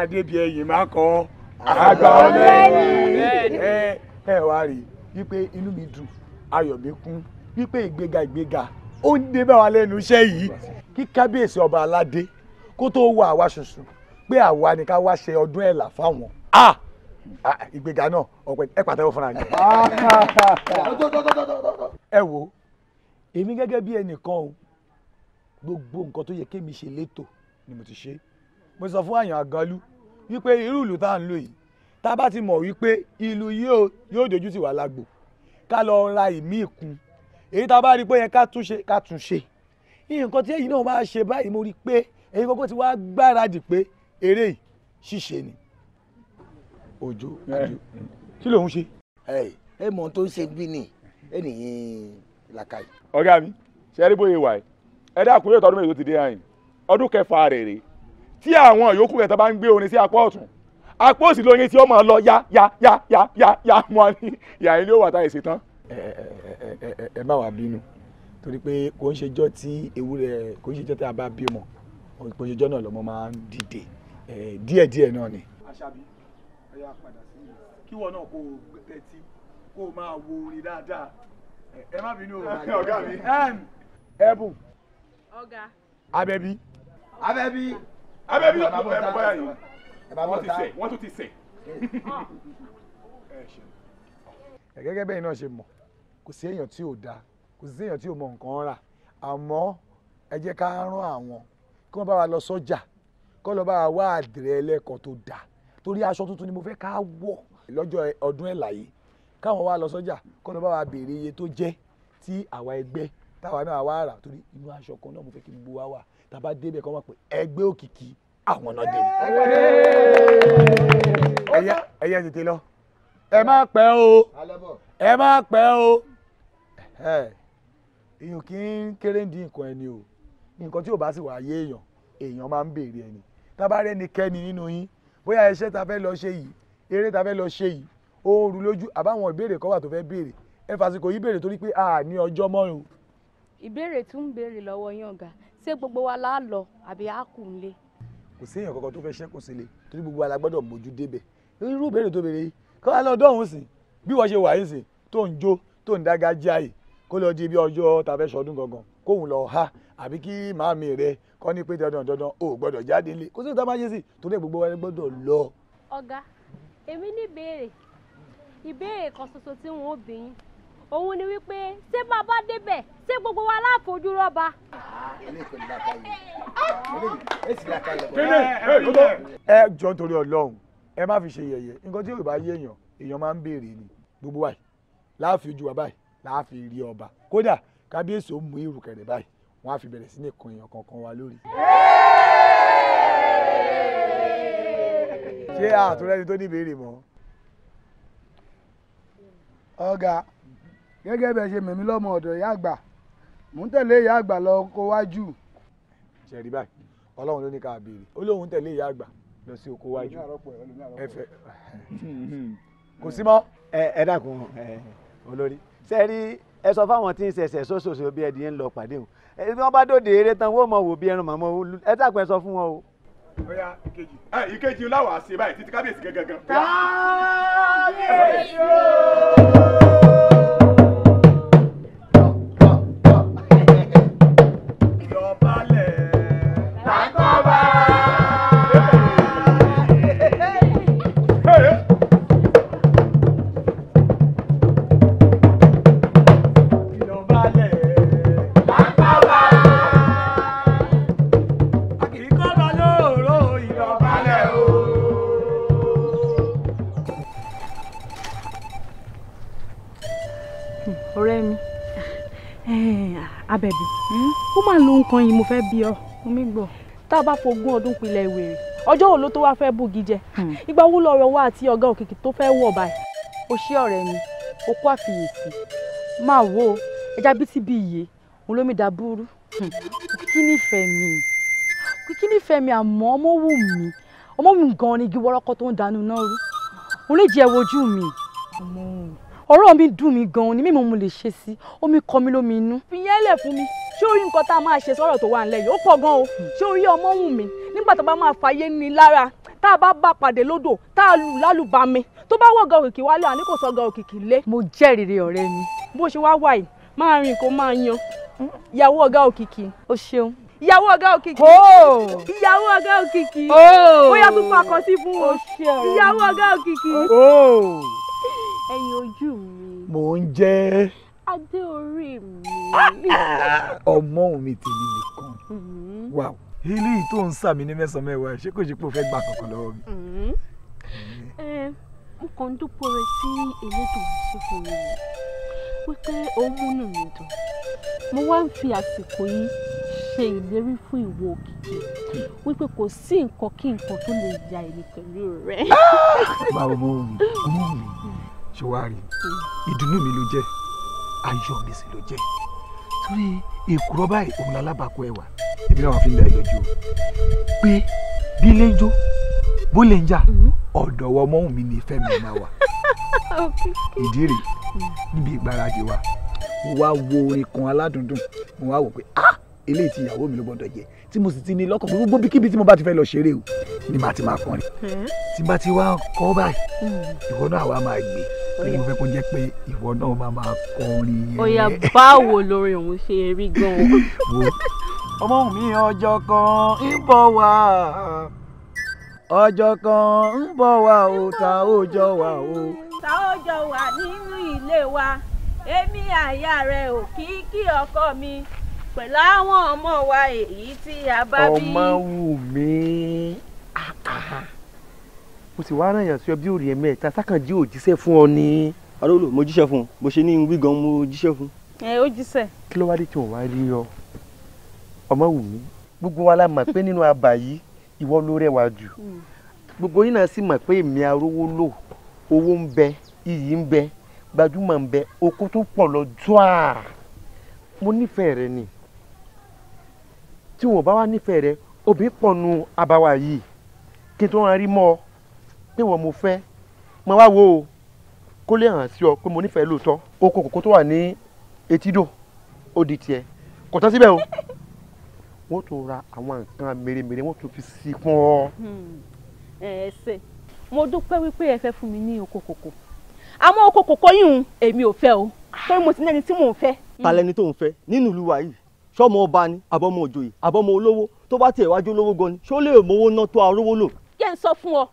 adébí ẹyìn máa kọ àgbà ọlẹ́yìn ẹ ẹ wá rí wípé inú mi dùn ayọ̀ mi kún wípé ìgbéga ìgbéga ó ń dé bá wa lẹ́nu iṣẹ́ yìí kí kábíyèsí ọba aládé kó tó wọ àwa ṣoṣo pé àwa ni ká wá ṣe ọdún ẹ̀là fáwọn ìgbéga náà ọ̀pẹ ẹ pàtẹ́wọ́ fúnra mi. ẹ wo èmi gẹ́gẹ́ bí ẹnìkan o gbogbo nǹkan tó yẹ kémi ṣe létò ni mo ti ṣe mo sọ fún àyàn àgàlù wípé irú ìlú tá à ń lò yìí tá a bá ti mọ̀ wípé ìlú yóò yóò dojú tì wá lágbo ká lọ ra ìmí ìkun èyí tá a bá rí pé yẹn ká tún ṣe ká tún ṣe nǹkan tí èyí náà máa ṣe báyìí mo rí pé èyí kókó ti wá gbáradì pé eré yìí ṣíṣe ni òjò àjò kí lòun ṣe. ẹ mọ tó ń ṣe bí ni ènìyàn làkàyè. ọ̀gá mi ṣe é rí bóyá ìwà ẹ̀ ẹ dákun yóò tọdún mélòó ti dé àyìn ọdún kẹfà rẹ̀ rèé tí àwọn yòókù rẹ̀ tó bá ń gbé orin sí apá ọ̀tún apá òsì lóyin tí ó máa lọ ya ya ya ya ya ya mọ́ ni ìyá ilé òwò àtàyè ṣetán. ẹ má wàá bínú torí pé kò ń ṣejọ́ tí ewúrẹ́ kò ń ṣejọ́ tí a bá bímọ kò ń ṣejọ́ náà lọ́mọ máa ń dìde díẹ̀díẹ̀ náà ni. aṣábí ẹyà padà sí kí wọn náà kò tẹ́tí kó máa wo orin dáadáa ẹ má bínú ọ̀gá mi. ẹbùn. ọ̀gá. abẹ́bí. abẹ́bí abẹ bí ọkọ ẹ bọ yà yìí wọ́n tún ti sẹ̀. gẹ́gẹ́ bẹ́ẹ̀ náà ṣe mọ̀ kò sí èèyàn tí ò dáa kò sí èèyàn tí ò mọ nǹkan rà àmọ́ ẹ jẹ́ ká rán àwọn kí wọ́n bá wa lọ sọ́jà kọ́ lọ́ọ́ bá wa wá àdìrẹ ẹlẹ́kọ̀ọ́ tó dáa torí aṣọ tuntun ni mo fẹ́ ká wọ̀ lọ́jọ́ ọdún ẹ̀ láyé káwọn wá lọ sọ́jà kọ́ lọ́ọ́ bá wa béèrè iye tó jẹ́ tí àwa ẹgbẹ́ táwa náà wá rà torí inú aṣọ kan náà mo fẹ́ kí gbogbo wa wà tàbá débẹ̀ kọ́ mọ̀ pé ẹgbẹ́ òkìkí àwọn náà dé. ẹyẹ tètè lọ ẹ má pẹ́ o ẹ má pẹ́ o èèyàn kì í kéré dín nǹkan ẹni o nǹkan tí ò bá sì wà ayé èèyàn èèyàn máa ń béèrè ẹni tábà rẹ́nikẹ́ni nínú yín bóyá iṣẹ́ ta fẹ́ lọ ṣe yìí eré ta fẹ́ lọ ṣe yìí oòrù lójú àbáwọn ìbéèrè kan wà tó fẹ́ béèrè ẹ fàsìkò yìí béèrè torí pé a ní ọjọ́ mọ́rin. ìbéèrè tún ń béèrè lọ́wọ́ yín ọ̀gá ṣé gbogbo wa la lọ àbí a kù ń lé. kò sí èèyàn kankan tó fẹ́ ṣẹ́kù sílé torí gbogbo wa mójú débẹ̀ irú ìbéèrè tó béèrè yìí kọ́ wa lọ dọ́hùn sí bí wọ́n ṣe wà yìí sí tó ń jó tó ń dága já yìí kó lọ di bí ọjọ́ ta fẹ́ sọdún gangan kóhun lọ ha àbí kí màámi rẹ kọ́ ní pé dandan dandan ò gbọ́dọ̀ jáde lé kó sí ìta máa ṣe sí torí gbogbo wa gbọ́dọ̀ lọ. ọ̀gá èmi ní ìbéèrè ìbéèrè kan ṣoṣo tí n ó bí yín òun ni wípé ṣé bá bá débẹ̀ ṣé gbogbo wa láfojú rọ́ba. ẹ jọ nítorí ọlọ́run ẹ má fi ṣe yẹ̀yẹ́ nǹkan tí yorùbá yé èèyàn èèyàn máa ń béèrè ni gbogbo wa láàfin ojú wa báyìí láàfin rí ọba kódà kábíyèsí ó mú ìrùkẹ̀rẹ̀ báyìí wọ́n á fi bẹ̀rẹ̀ sí ní kan èèyàn kankan wa lórí. ṣé àtúrẹ́ni tó ní ìbéèrè mọ́ ọ̀gá gẹ́gẹ́ bẹ́ẹ̀ ṣe mẹ̀mí lọ́mọ ọ̀dọ̀ ìyá àgbà mò ń tẹ̀lé ìyá àgbà lọ kó wájú. ṣẹ̀rí báyìí ọlọ́run ló ní ká béèrè ó lóun tẹ̀lé ìyá àgbà lọ sí oko wájú ẹfẹ kò sí mọ́. ẹ dákun olórí sẹ́ẹ̀rí ẹ sọ fáwọn tí ń ṣẹ̀ṣẹ̀ sóṣooṣo bí ẹdìyẹ ń lọ pàdé o bí wọ́n bá dòde eré tán wọ́n mọ̀ wò bí ẹran màmọ́ ẹ dákun ẹ sọ fún wọn o. ọ̀ya ìkejì ìkejì láwàá ṣe báyìí títí kábíyèsí gẹ́gẹ́ gan. kábíyèsí o. yìí mo fẹ́ bí ọ omi gbọ́. tá a bá fogún ọdún pilẹ̀ ìwèrè ọjọ́ wo ló tó wá fẹ́ bùgì jẹ hmm. ìgbà wo lọ̀rọ̀ wa àti ọ̀gá òkìkí tó fẹ́ wọ̀ báyìí. o ṣé ọ̀rẹ́ mi o kó àfiyèsí máa wo ẹja bí ti bí iye òun ló mi dá búrú òkìkí hmm. nífẹ̀ẹ́ mi òkìkí nífẹ̀ẹ́ mi àmọ́ ọmọ wù mí ọmọ mi gan ni igi wọ́rọ́kọ́ tó ń dànù náà rú òun lè jẹ́ wojú mi ọ̀rọ̀ mi dùn mí gan ni mímọ́ mo lè ṣe sí omi kọ mi lómi inú. fi yẹn fún mi ṣé orí nǹkan tá a máa ṣe sọ̀rọ̀ tó wà nílẹ̀ yìí ó pọ̀ gan o ṣé orí ọmọ wù mí nígbà tó bá máa fàyè ní lára tá a bá bá pàdé lódò tá a lù lálùbami tó bá wọ̀gà òkìkí wálé àní kò sọ̀gà òkìkí lé. mo jẹ́rìí ọ̀rẹ́ mi. bó ṣe wá wà yìí máa rìn kó máa yan ìyàwó ọ̀gá òkìkí. o ṣeun ìyàwó ọ̀gá òkìkí. ìyàwó ọ̀gá òkìkì. bóyá tún fún akọsí fún o. ìyàwó ọ̀gá òkìkì. ẹyin ojú mi. mò ń jẹ́ adé orí mi. ọmọ òun mi tèmi nìkan mm-hmm. wà ó eléyìí tó ń sàmì ní mẹ́sàn-án mẹ́wàá ṣé kò ṣe pé o fẹ́ gbà kankan lọ́wọ́ mi. Mm-hmm. Mm-hmm. Eh, mo kàn ń dúpọ̀ rẹ sí elétò àti fún mi wípé ó múnú mi dùn mo wá ń fi àsìkò yìí ṣe ìlérí fún ìwọ òkìkí wípé kò sí nǹkan kí nǹkan tó lè ya èmi pẹ̀lú rẹ. báwo mo rìn mo rìn ṣe wá rí ìdùnnú mi ló jẹ́ ayọ̀mísì ló jẹ́ torí èkúrọ́ báyìí òun lálábàákọ ẹ̀wà èmi náà wà fi ń da ẹ lójú pé bí lè ń jó bó lè ń jà mhm. ọ̀dọ̀ ọwọ́ mọ́hùn mi ní ìfẹ́ mi máa wà ìdí rèé níbi ìgbáradì wa mo wá wo orin kan aládùndùn mo wá wò pé ah eléyìí tí ìyàwó mi ló gbọ́dọ̀ jẹ tí mo sì ti ní lọ́kàn gbogbo bíkíbi tí mo bá ti fẹ́ lọ ṣeré o ni màá ti máa kọrin tí bá ti wá kọ báyìí ìwọ náà wàá máa gbé ni mo fẹ́ kó jẹ́ pé ìwọ náà máa máa kọrin yẹn. báwo lórí òun ṣe rí gan ọmọ mi ọjọ́ kan ń bọ̀ wá ọjọ́ kan ń bọ̀ wá o ta ó jọ wá o. ta ó jọ wà nínú ilé wa èmi àyà rẹ̀ òkìkí ọkọ mi pẹ̀lú àwọn ọmọ wa èyí tí a bá bí. ọmọ wù mí mo sì wá ràn sí ọ bí òrì ẹ̀mẹ́ta sákànjí ò fún ọ ni. arólò mo jíṣẹ́ fún un bó ṣe ní wí gan mo jíṣẹ́ fún un. ẹ ó jíṣẹ́. kí ló wá dé tí òun wá rí ọ ọmọ wù mí gbogbo wa la mọ̀ pé nínú abà yìí ìwọ ló rẹwà jù hmm. gbogbo yìí náà sì mọ̀ pé èmi arówó lò owó ń bẹ iyì ń bẹ gbajúmọ̀ ń bẹ okó tó pọ̀ lọ́jọ́ à mo nífẹ̀ẹ́ rẹ ni tí wọn bá wà nífẹ̀ẹ́ rẹ obìnrin pọ̀nù abawa yìí kí n tó wọn rí mọ́ ọ pé wọn mo fẹ́ mo wá wo o kó lè hàn sí ọ pé mo nífẹ̀ẹ́ lóòótọ́ oko kòkó tó wà ní etídò ó di tiẹ̀ kò tán síbẹ̀ o wọ́n tún ra àwọn nǹkan mèremère wọ́n tún fi sí fún ọ. Hmm. ẹ ẹ ṣe mo dúpẹ́ wípé ẹ fẹ́ fún mi ní oko kòkó àmọ́ oko kòkó yìí èmi ò fẹ́ o torí mo ti ní ẹni tí mò ń fẹ́. ta lẹni tó ń fẹ́ nínú ìlú wa yìí ṣọmọ ọba ni àbọmọ òjòyè àbọmọ olówó tó bá tiẹ̀ wájú olówó gan ni ṣó lè mówó ná tó arówó lò. yẹ́ ń sọ fún ọ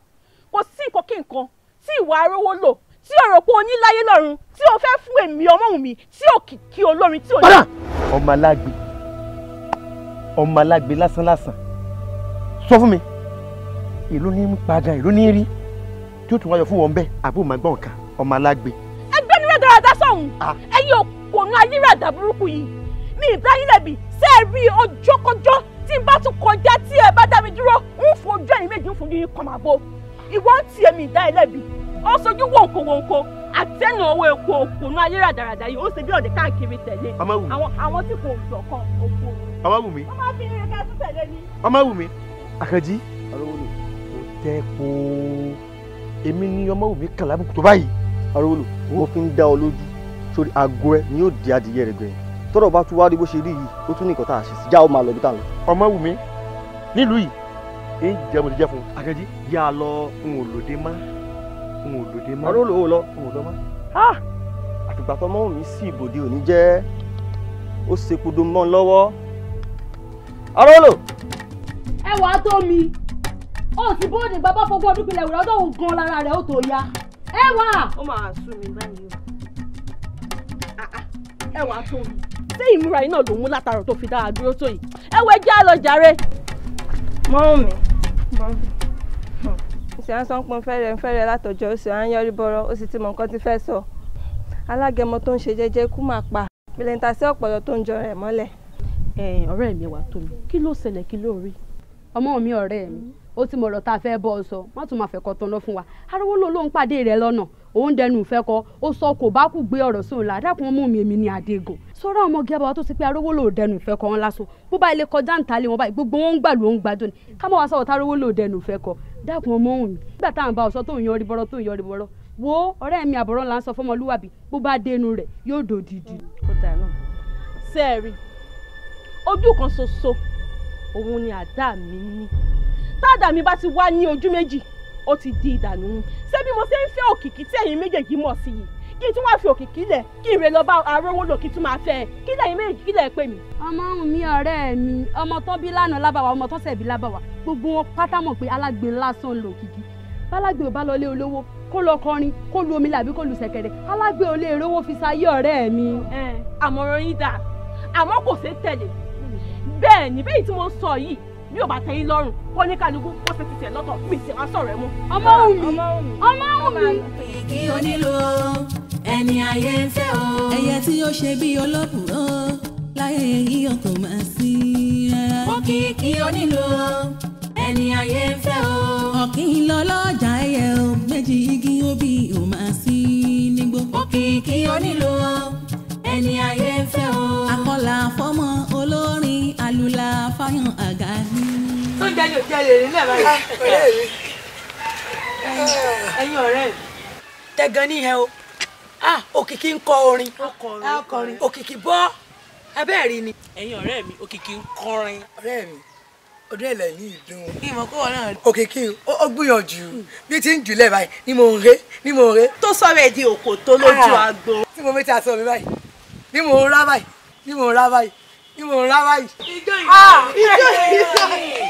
kò sí nǹkan kí nǹkan tí ìwà arówó lò tí ọ̀rọ̀ pé oní láyé lọ́run tí o fẹ́ fún èmi ọmọ mi tí òkìkí olórin tí o. padà ọmọ alágbe ọmọ alágbe lásánlásán sọ fún mi ìlú ní padà ìlú ní rí tí ó tún wáyọ fún wọn bẹ́ẹ̀ àbúrò máa gbọ́ nǹkan ọmọ alágbe. ẹgbẹ́ ni rẹ̀ dáradá sọ̀hún ah. ẹ̀yin òpònú ayé rẹ̀ dà burúkú yìí mi ì dáyín lẹ́bi ṣé ẹ rí ọjọ́kọjọ́ tí n bá tún kọjá tí ẹ bá dá mi dúró ń fojú ẹ̀yìn méjì ń fojú yín kọ́ màá bó ìwọ ń tiẹ̀ mi ì dá ẹ lẹ́bi ó sojú wọ̀nkọ̀ wọ̀nkọ̀ àtẹnu owó epo òkùnú ayé ràdàràdà yìí ó ṣe bí ọ̀dẹ̀ káàkiri tẹ̀lé àwọn tí kò jọ kan òkú omi. Ọmọwùmí. wọ́n máa fi ní ẹ̀ka tún tẹ̀lé ni. Ọmọwùmí àkànjí kò tẹ́ po èmi ní Ọmọwùmí kàlábùkù tó báyìí arówólò wọ́n fi ń dá ọ lójú sórí aago ẹ ni yóò di adìyẹ rẹ gbẹ̀yìn tọ́rọ̀ bá tún wá rí bó ṣe rí yìí ó tún ní nǹkan tá a ṣe sí já ó máa lọ bí tá a lọ. ọmọ wù mí nílùú yìí èyí jẹ mo ti jẹ fún un. akẹ́jì yà á lọ n ò lòdì má n ò lòdì má. ọ̀rọ̀ olówó lọ n ò lọ má. àtìgbà tó mọ́ mi sí ibòde òní jẹ́ ó ṣèpodò mọ́ ń lọ́wọ́. ọ̀rọ̀ olò. ẹ wàá tó mi ó sì bóde bàbá fọwọ́ ọdún pinnu ìwúrọ̀ ọdún gan lára rẹ̀ ó tó ya ẹ wà. ó máa sún mi báyìí o ah, ah. ẹ wàá tó mi ṣé ìmúra yìí náà ló mú látàrọ tó fi dára dúró tó yìí ẹ wọ ẹjẹ àlọ jàre. mọ́mí bọ́mí ṣe à ń sọ pọn fẹ́rẹ̀ fẹ́rẹ̀ látọjọ́ ó sì à ń yọrí bọ́rọ̀ ó sì ti mọ nǹkan tí fẹ́ sọ alágẹmọ tó ń ṣe jẹ́jẹ́ kú máa pa pìlẹ̀ǹtà sí ọ̀pọ̀lọ tó ń jọ rẹ̀ mọ́lẹ̀. ọ̀rẹ́ mi wà tó mi kí ló ṣẹlẹ̀ kí ló rí ọmọ mi ọ̀rẹ́ mi ó ti mọ̀rọ̀ tá a fẹ́ bọ́ ọ sọ má tún máa fẹ́ tán lọ fún wa ariwo náà ló ń pàdé rẹ lọ́nà òun dẹnu ìfẹ́ kọ ó sọ kò bá kù gbé ọ̀rọ̀ sóun là dákun mú mi èmi ní àdégùn sọ́rọ́ ọmọ gẹ́bà tó ti pé arówó lò dẹnu ìfẹ́ kọ wọn lásán bó bá ilé kọjá ń talé wọn báyìí gbogbo wọn ń gbà ló ń gbàjọ ni ká má wá sọ̀rọ̀ tárówó lò dẹnu ìfẹ́ kọ dákun ọmọ òun mi nígbà táwọn bá ọ̀sọ́ tó ń yọrí bọ́rọ́ tó ń yọrí bọ́rọ́ wo ọ̀rẹ́ mi àbọ̀rọ̀ là ń sọ fọmọlúwàbí bó bá dénú rẹ̀ yóò dòdìdì. ó ojú kan ṣoṣo òun ni àdá mi ní tádà mi bá ti wá ní ojú méjì ó ti di ìdànù ṣé bí mo ṣe ń fẹ́ òkìkí tí ẹ̀yin méjèèjì mọ̀ sí yìí kí n tún wáá fi òkìkí lẹ̀ kí n rè lọ bá arówó lò kí n tún máa fẹ́ ẹ kí lẹ́yìn méjì kí lẹ́ẹ̀ pè mí. ọmọ òun mi ọ̀rẹ́ mi ọmọ tó bí lánàá lábàwá ọmọ tó ṣẹ̀bí lábàwá gbogbo wọn pátá mọ̀ pé alágbe lásán lò kìkì bálágbe ò bá lọ lé olówó kó lọ kọrin kó lu omi làbí kó lu ṣẹ̀kẹ̀rẹ̀ alágbe ò lè rówó fi sáyé ọ̀rẹ́ mi. àmọ̀ràn yín dáa àmọ́ kò ṣeé tẹ̀lé bẹ́ẹ̀ ni bí ò bá tẹ́ yín lọ́rùn kó ní kálukú kó ṣe ti tẹ̀ lọ́tọ̀ mi ti wá sọ̀rọ̀ ẹ mú. ọmọ wù mí ọmọ wù mí. kìkì onílò ẹni ayé ń fẹ́ o. ẹyẹ tí ó ṣe bí olóbùrọ̀ láyé yíyọ kò máa sí. òkìkí onílò ẹni ayé ń fẹ́ o. ọ̀kìn lọ lọ́jà ẹyẹ o méjì igi ó bí o máa sí nígbó. òkìkí onílò ẹni ayé ń fẹ́ o. akọ́là fọ́mọ olórin alùlà fáyọ̀n àgàní. tó ń jẹ́ yóò jẹ́ rèé náà báyìí. ẹ̀yin ah, ọ̀rẹ́ tẹ̀gán níhẹ́ o ah, òkìkí ń kọ orin òkìkí bọ́ abẹ́ rí ni. ẹ̀yin ọ̀rẹ́ mi òkìkí ń kọrin. ọ̀rẹ́ mi ọdún ẹ̀lẹ̀ ní ìdùn. ìmọ̀ kó wọn náà. òkìkí ó gbìyànjú bí ti ń jùlẹ̀ báyìí ni mò ń ré ni mò ń ré. tó sọ̀rọ̀ ẹ̀ di òkò tó lójú ah, agbo. tí mo mẹ́ta sọ mi báyìí ni mò ń rá báyìí ni mò ń rá báyìí ni mò ń rá báyìí. ijó ìlú ah!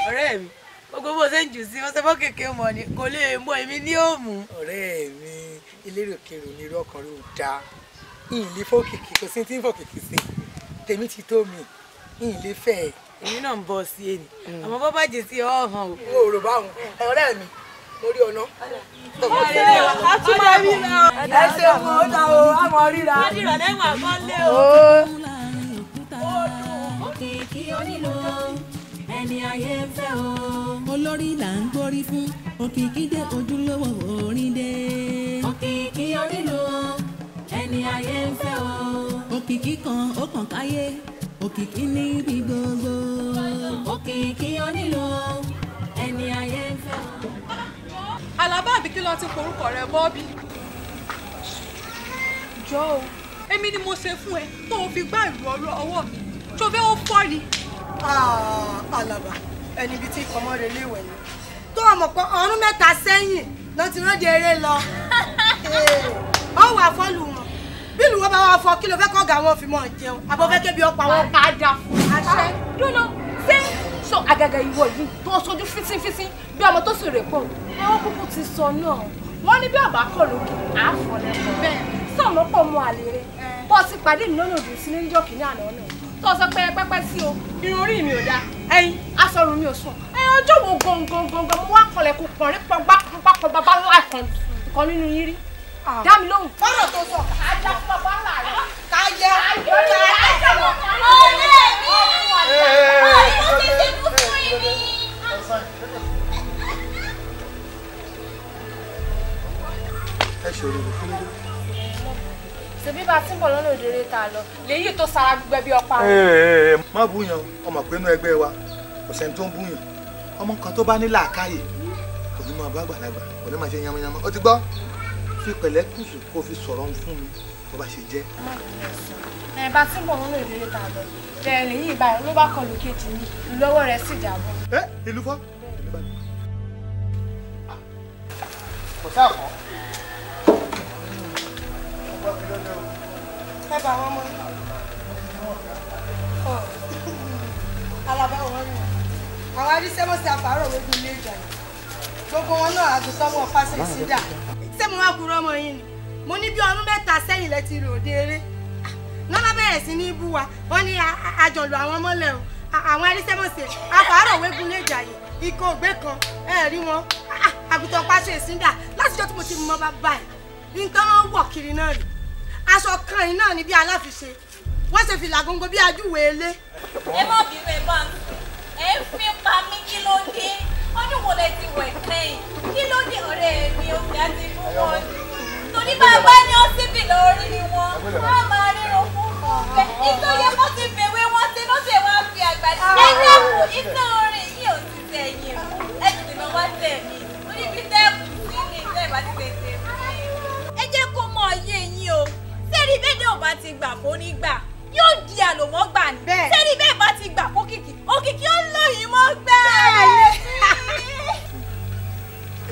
ọ̀rẹ́ mi gbogbo bó ṣe ń jù sí ọsẹ fọkèké mọ ni kò lè mú èmi ní òmù. ọ̀rẹ́ mi elérò kèrò ni irú ọkàn rẹ ò dáa ìyìnlẹ fọkèké kò sí ti ń fọkèké sí tèmi ti tó mi ìyìnlẹ fẹ. èmi náà ń bọ̀ sí ẹni mm. àmọ́ bọ́ bàjẹ́ sí ọ̀hún o. mo rò báwọn ọ̀rẹ́ mi mo rí ọ̀nà. ẹ ṣe mo dá o a mọ ríra. wọ́n ti rọ̀lẹ́ wọn àbọ̀ lé o. òkìkí onílò ẹni ayé ń fẹ́ o. olórí là ń gbórí fún òkìkí dé ojúlówó orin dé. òkìkí onílò ẹni ayé ń fẹ́ o. òkìkí kan ó kàn káyé òkìkí níbi gbogbo. òkìkí onílò ẹni ayé ń fẹ́ o. Àlàbá àbí kí ló ti porúkọ rẹ bọ́ọ̀bì. jọ o èmi ni mo ṣe fún ẹ tó o fi gbá ìlú ọ̀rọ̀ ọwọ́ mi tó fẹ́ ó fọ́ ni. Ah, Àlàbá ẹni bíi tí ìkọ́mọ́ rẹ léwẹ̀ ni tó o mọ̀ pé ọdún mẹ́ta sẹ́yìn ló ti rán de eré lọ ọ wà fọ́ọ̀lù wọn bí ìlú wọn bá wà fọ kí ló fẹ́ kọ́ ọ̀gá wọn fi mọ̀ jẹun àbọ̀fẹ́ kébi ọ̀pọ̀ àwọn. padà àṣẹ dúró ṣé so àgàgà ìwọ yìí tó ń sojú físífísí bí ọmọ tó sì rè pọ̀ àwọn kúkú ti sọ náà wọ́n ní bí ọ̀bá kọ̀ lókè àáfọ̀ lẹ́kọ̀ọ́ bẹ́ẹ̀ sọ̀mọ́ pọ̀ mọ́ àlèrè bọ́ sí pàdé mi lọ́nà òdì sí níjọ́ kìíní àná náà tó sọ pé pẹ́pẹ́ sí o irun orí mi ò dáa ẹyin asọ̀rùn mi ò sùn ẹyin ọjọ́ wo gangan gangan mo wá kọlẹ̀ kó pọ̀nrín pọ̀ gbá pọ̀ bàbá ńlá kan nínú yín rí dá mi lóhùn. fọ́nà tó sọ kájà pàpà là rẹ̀ kájà kájà kájà mọ̀. ọ̀rẹ́ mi ọ̀rẹ́ mi ó ti ṣe kú fún mi. ẹ ṣòro ìlú fún mi. ṣèbí bá a ti ń bọ̀ lọ́nà òdèrè tá a lọ lèyí tó sara gbígbẹ́ bí ọ̀pá. má búyàn ọmọ pé inú ẹgbẹ́ wa kò sẹ́ni tó ń búyàn ọmọ kan tó bá ní làákàyè kò ní máa bá àgbàlagbà kò ní máa ṣe yamayama ó ti gbọ́ fi pẹ̀lẹ́kùsù kó fi sọ̀rọ̀ fún mi tó bá ṣe jẹ́. ẹ bá tí mò ń lò ní ìta lọ bẹ́ẹ̀ lèyí ìbáyọ ló bá kọlù kejì mi lọ́wọ́ rẹ̀ sì dàbọ̀. ẹ ìlú fọ́. kò sáà kọ́. ẹ bá wọn mọ. alábá wọn ni àwọn arísẹ́mọ̀sí àpárọ̀ lójú ilé ìjà yìí gbogbo wọn náà àgùntàn wọn fásitì dà ṣé mo wá kúrò ọmọ yín ni mo ní bí ọdún mẹ́ta sẹ́yìn lẹ ti rò dé eré lọ́lá ah, bẹ̀rẹ̀ sí ní bú wa wọ́n ní àjọlù àwọn mọ́lẹ̀ o àwọn arísẹ́mọ̀sẹ̀ afàárọ̀ wégun lè jàyè ikọ̀ ògbé kan ẹ rí wọn ah, ah, àgùntàn pàṣẹ ìsíndà látijọ́ tí mo ti mọ bàbá ẹ̀ nǹkan wọn wọ̀ kiri náà rè aṣọ kan yìí náà ni bí aláfiṣe wọ́n ṣe fìlà gbogbo bí ajúwe elé. ẹ má bínú ẹ bá ẹ fi pa mí kí ló dé ọdún wo lẹ ti wẹ̀ kẹ́yìn kí ló dé ọ̀rẹ́ mi òkè àti inú wọn torí bá a bá ní ọsibì lórí wọn á máa ríro fún ọ̀fẹ́ ìtòyẹ wọn ti fèwé wọn ti lọ́sẹ̀ wọn fi àgbà ẹ dẹ́kun iṣẹ́ orin yìí ò ti tẹ̀ yìn ẹ ti wá tẹ̀ mí torí bí dẹ́kun sí ni ìṣe ìbá ti tètè mí. ẹ jẹ́ kó mọ iye yín o sẹ́ẹ̀rì bẹ́ẹ̀ ni ò bá ti gbà fónígbà yóò di àlòmọ́gbà ni sẹ́ni bẹ́ẹ̀ bá ti gbà kókìkì òkìkí ó lóyìn mọ́ gbà.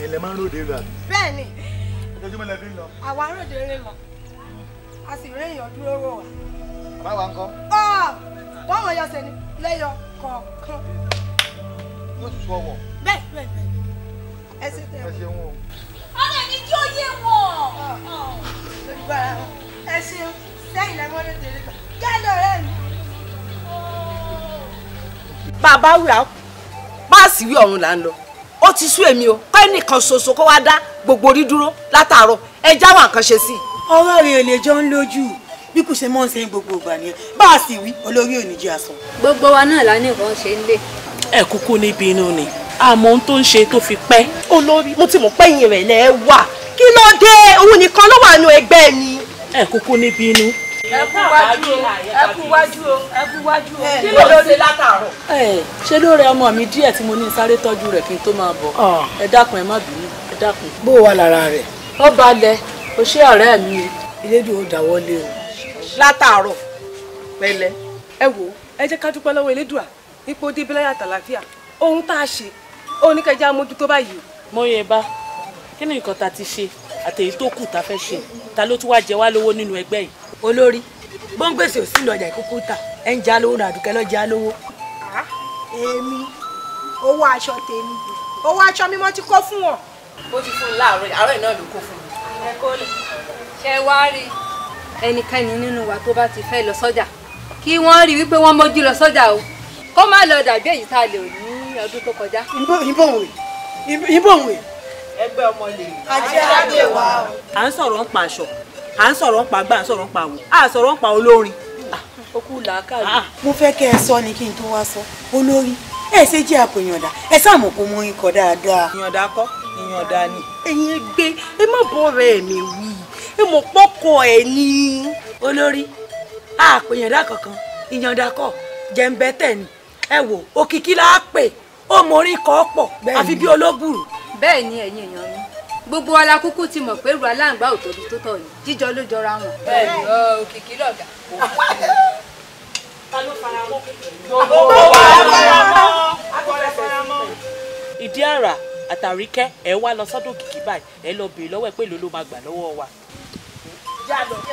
ẹ lẹ máa ń ròde rà. bẹ́ẹ̀ni ojoojúmọ́ lẹ fi ń lọ. àwa ròde rè mọ a sì rí èèyàn dúró rò wá. bàbá wa ń kọ. wọ́n mọ̀ yọ̀sẹ̀ ni lẹ́yọ kọ̀ọ̀kan. yóò sọ wọ̀. bẹ́ẹ̀ bẹ́ẹ̀ bẹ́ẹ̀ ẹ ṣe tẹ̀ wọ́n. ẹ ṣe wọn o. ọ̀rẹ́ mi kí ó yé wọn. ẹ ṣeun sẹ́yìn lẹ́mọ́ ló tẹ̀lé gbà jáde ọ̀rẹ́ mi. wí ọ̀run là ń lọ ó ti sú èmi o kọ́ ẹnìkan ṣoṣo kó wá dá gbogbo orí dúró látàárọ̀ ẹ jáwọ́ nǹkan ṣe sí i. ọ̀rọ̀ rẹ̀ ò lè jọ ń lójú bí kò ṣe mọ́ ń sẹ́yìn gbogbo ìgbà nìyẹn bá a sì wí olórí ò ní jẹ́ àsọ. gbogbo wa náà la ní nǹkan ṣe ń lé. ẹ kúkú níbi inú ni àmọ́ ohun tó ń ṣe tó fi pẹ́. olórí mo ti mọ̀ pẹ́yìn rẹ̀ lẹ́ wà kí ló dé òun nìkan ló wà nù ẹgbẹ́ ni. ẹ kúkú níbi inú ẹ kú wájú o ẹ kú wájú o ẹ kú wájú o kí ló ṣe látàárọ̀. ẹ ṣé ló rẹ ọmọ mi díẹ̀ tí mo ní sáré tọ́jú rẹ̀ kí n tó máa bọ̀ ẹ dákun ẹ má bínú ẹ dákun. bó o wà lára rẹ̀. ó balẹ̀ o ṣé ọ̀rẹ́ mi ni. ilédè ò dáwọ́lé o. látàárọ̀ pẹ̀lẹ́ ẹ wò ẹ jẹ́ ká dúpẹ́ lọ́wọ́ elédùà ipò débílẹ̀ àtàlàfíà ohun tá a ṣe òun ní kẹjá mójútó báyìí. mọ̀yẹ̀ bá kí ni nǹkan tá a ti ṣe àtẹ̀yí tó kù tá a fẹ́ ṣe ta ló tún wá jẹ wá lówó nínú ẹgbẹ́ yìí. olórí gbọ́ngbèsè ò sí ìlọjà ìkúkú ta ẹ̀ ń já lówó nàdùkẹ́ lọ́jà lówó. èmi owó aṣọ tèmi owó aṣọ mi mo ti kó fún wọn. ó ti fún un láàárọ̀ àárọ̀ náà ló kó fún mi. ẹ kó lè ṣe wá rí ẹnikẹ́ni nínú wa tó bá ti fẹ́ lọ sọ́jà kí wọ́n rí wípé wọ́n mójú lọ sọ́jà o kó má lọ dàbí èyí tá a lè ní ọdún tó kọjá. ìbọn ìbọn ìbọn ẹgbẹ́ ọmọ lè rí. ajé àgbè wa à ń sọ̀rọ̀ ń pa aṣọ à ń sọ̀rọ̀ ń pa àgbà à ń sọ̀rọ̀ ń pa àwò à ń sọ̀rọ̀ ń pa olórin. Ah, ó kú làákàyè. Ah. mo fẹ́ kẹ́ ẹ sọ ni kí n tó wá sọ olórí ẹ ṣe jẹ́ àpòyànda ẹ sáàmù kó mú ikọ̀ dáadáa. ìyànda kọ́ ìyànda ni. ẹ̀yin ẹgbẹ́ ẹ má bọ́ ọ̀rẹ́ mi wí ẹ mọ̀ pọ́kọ̀ ẹ̀ ni. olórí àpèyànda kankan ìyànda kọ́ jẹ́ńbẹ́tẹ̀ ni ẹ wò òkìkí la pè orin kọ́ pọ̀ àfi bí olóbùrù bẹ́ẹ̀ ni ẹ̀yin èèyàn mi gbogbo ọlá kúkú ti mọ̀ pé ru aláǹgbá ò tóbi tó tọ̀ ni jíjọ ló jọra wọn. bẹ́ẹ̀ ni òkìkí lọ̀gá. ta ló fara mọ́. gbogbo wa fara mọ́. agbọ́dọ̀ fara mọ́. ìdí àrà àtàríkẹ́ ẹ wá lọ sọ́dọ̀ òkìkí báyìí ẹ lọ bèè lọ́wọ́ ẹ pé ló ló máa gbà lọ́wọ́ wa. yà lọ ń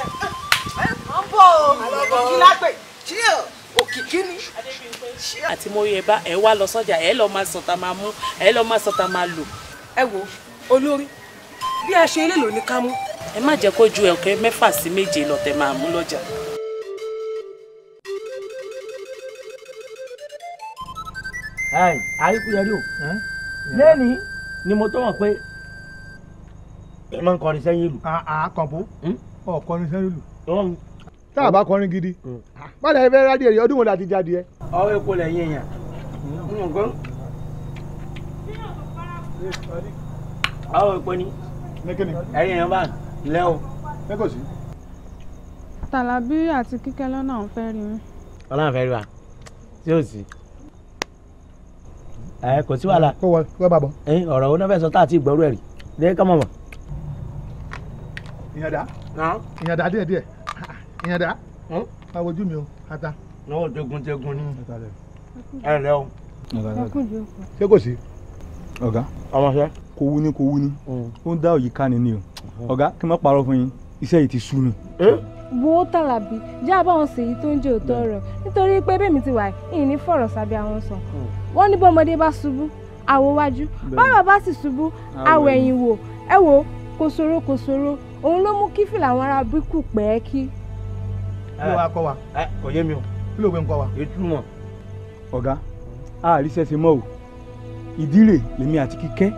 bọ̀ òkìkí lápè òkìkí ni. àti mo yẹ bá ẹ wá lọ sọ́jà ẹ lọ máa sọ̀tà máa mú ẹ lọ máa sọ̀tà máa lò. ẹ Olori! olórí bí a ṣe ilé lò ní ẹ má jẹ kó ju ẹ̀kẹ́ mẹ́fà sí méje lọ tẹ̀ máa mú lọ́jà. àríkúyẹrí o lẹ́ni ni mo tó mọ̀ pé ẹ máa ń kọrin sẹ́yìn ìlú. àkànbó hmm? ọ̀ sẹ́yìn ìlú tá a bá kọrin gidi padà hmm. ẹ fẹ́ ọdún wo la ti jáde ẹ. ọwọ́ epo báwo ìpò ni ẹ̀yin èèyàn bá ńlẹ́ o. tàlàbí àti kíkẹ́ lọ́nà ń fẹ́ rí mi. ọlọ́run fẹ́ rí wa tí ó sì. ẹ kò sí wàhálà. kó wọ kó bá bọ. ọ̀rọ̀ wo náà fẹ́ sọ tá a ti gbọ́rú ẹ̀ rí lẹ́yìn kọ́ mọ̀ mọ̀. ìyàndá ìyàndá díẹ̀ díẹ̀ ìyàndá hm? máa wojú mi o ata. náà jẹgun jẹgun ni ẹ lẹ o. ṣé kò sí ọ̀gá ọmọọṣẹ́ kò wú ni kò wú hmm. ó ń dá òyì ká ni ni o ọ̀gá kí n má parọ́ fún yín iṣẹ́ yìí ti sú mi. wo tàlàbí jẹ́ àbáwọn sèyí tó ń jẹ́ òótọ́ hmm. rẹ̀ nítorí pé bẹ́ẹ̀ mi ti wà yìí ní fọ̀rọ̀ sábẹ́ àwọn sàn hmm. wọ́n ní bọ́mọdé bá ṣubú àwọ̀ wájú báwa bá sì ṣubú àwọ̀ ẹ̀yìn wò ẹ wò kòsòrò kòsòrò òun ló mú kí fìlà àwọn ará bíkù pẹ́ kí. kí ló wá kọ́ wa kò yé mi o kí ló gbé ń kọ́ wa. ètú mọ̀. ọ̀gá a àríṣẹ́ ṣe mọ́ o ìdírè lèmi àti kíkẹ́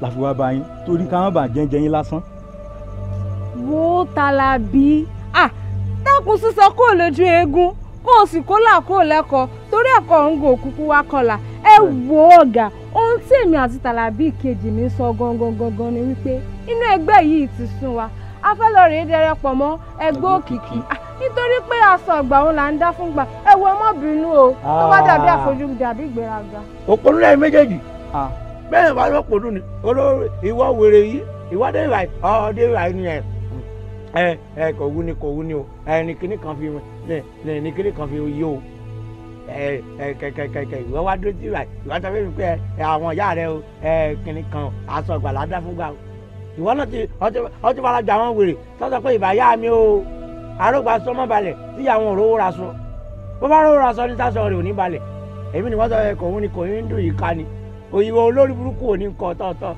la fi wá bá yín torí ká má bàa jẹ́njẹ́ yín lásán. wo Tàlàbí ah dákun sísọ kó lójú eégún kó o sì kó là kó lẹ́kọ̀ọ́ torí ẹ̀kọ́ òun gò kúkú wá kọlà ẹ wò ó ọ̀gá ohun tí èmi àti Tàlàbí kejì mi sọ gangan gangan ni wípé inú ẹgbẹ́ yìí ti sún wa a fẹ́ lọ rèé dẹrẹ́pọ̀ mọ́ ẹgbẹ́ òkìkí nítorí pé aṣọ ọgbà òun là ń dá fún gbà ẹ wo ọmọbìnrin o tó bá ah. dàbí àfojúdi àbí ìgbéraga. òpó nílẹ̀ méjèèjì Ah. bẹ́ẹ̀ bá rọ́pò dùn ni olórí ìwọ wèrè yìí ìwọ dé ìwà ọdẹ ìwà ẹni ẹ ẹ ẹ kò wú ni kò wú ni o ẹ ní kíní kan fi ní ní kíní kan fi yí o ẹ ẹ kẹkẹkẹkẹ ìwọ wá dúró sí ìwà ìwà tó fẹ́ẹ́ pé ẹ àwọn ìyá rẹ o ẹ kíní kan aṣọ ìgbàlá dá fún gbà o ìwọ náà ti ọtí bá lajà àwọn wèrè tọ́sọ pé ìbá yá mi o arógbà sọmọ balẹ̀ tí àwọn òróró ra sọ bó bá rówó ra sọ ní sásọ rẹ ò ní balẹ̀ èmi ni wọ́n sọ ẹ kò wú ni kò ní dùn yìí ká ni òyìnbó olórí burúkú ò ní nǹkan ọ̀tọ̀ọ̀tọ̀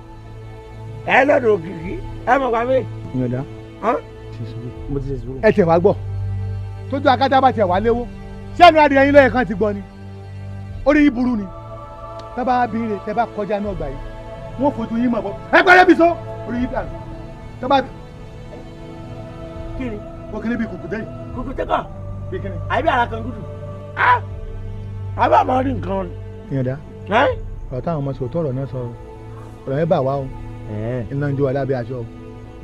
ẹ lọ́dọ̀ òkìkí ẹ mọ̀ pa mí. ìyọ̀dá ẹ tẹ̀ wá gbọ́ tójú akátá bá tẹ̀ wá léwó sẹ́nu adìyẹ yín lọ́yẹ̀ kan ti gbọ́ ni orí yín burú ni tẹ́ bá bí rè tẹ́ bá kọjá ní ọgbà yìí wọ́n fojú yín mọ̀ bọ́ ẹ pẹ́rẹ́ bí so orí yín dànù tẹ́ kíni. o kiri bí kùkùté yìí. kùkùté kọ. bí kíni. àyè bí ara kan gùdù. a bá máa rí nǹkan. ìyọ̀dá. ẹ́ ọ̀rọ̀ táwọn ọmọ sòótọ́ ọ̀rọ̀ náà sọ̀rọ̀ ọ̀rọ̀ yẹn bà wá o iná ń jó wa lábẹ́ aṣọ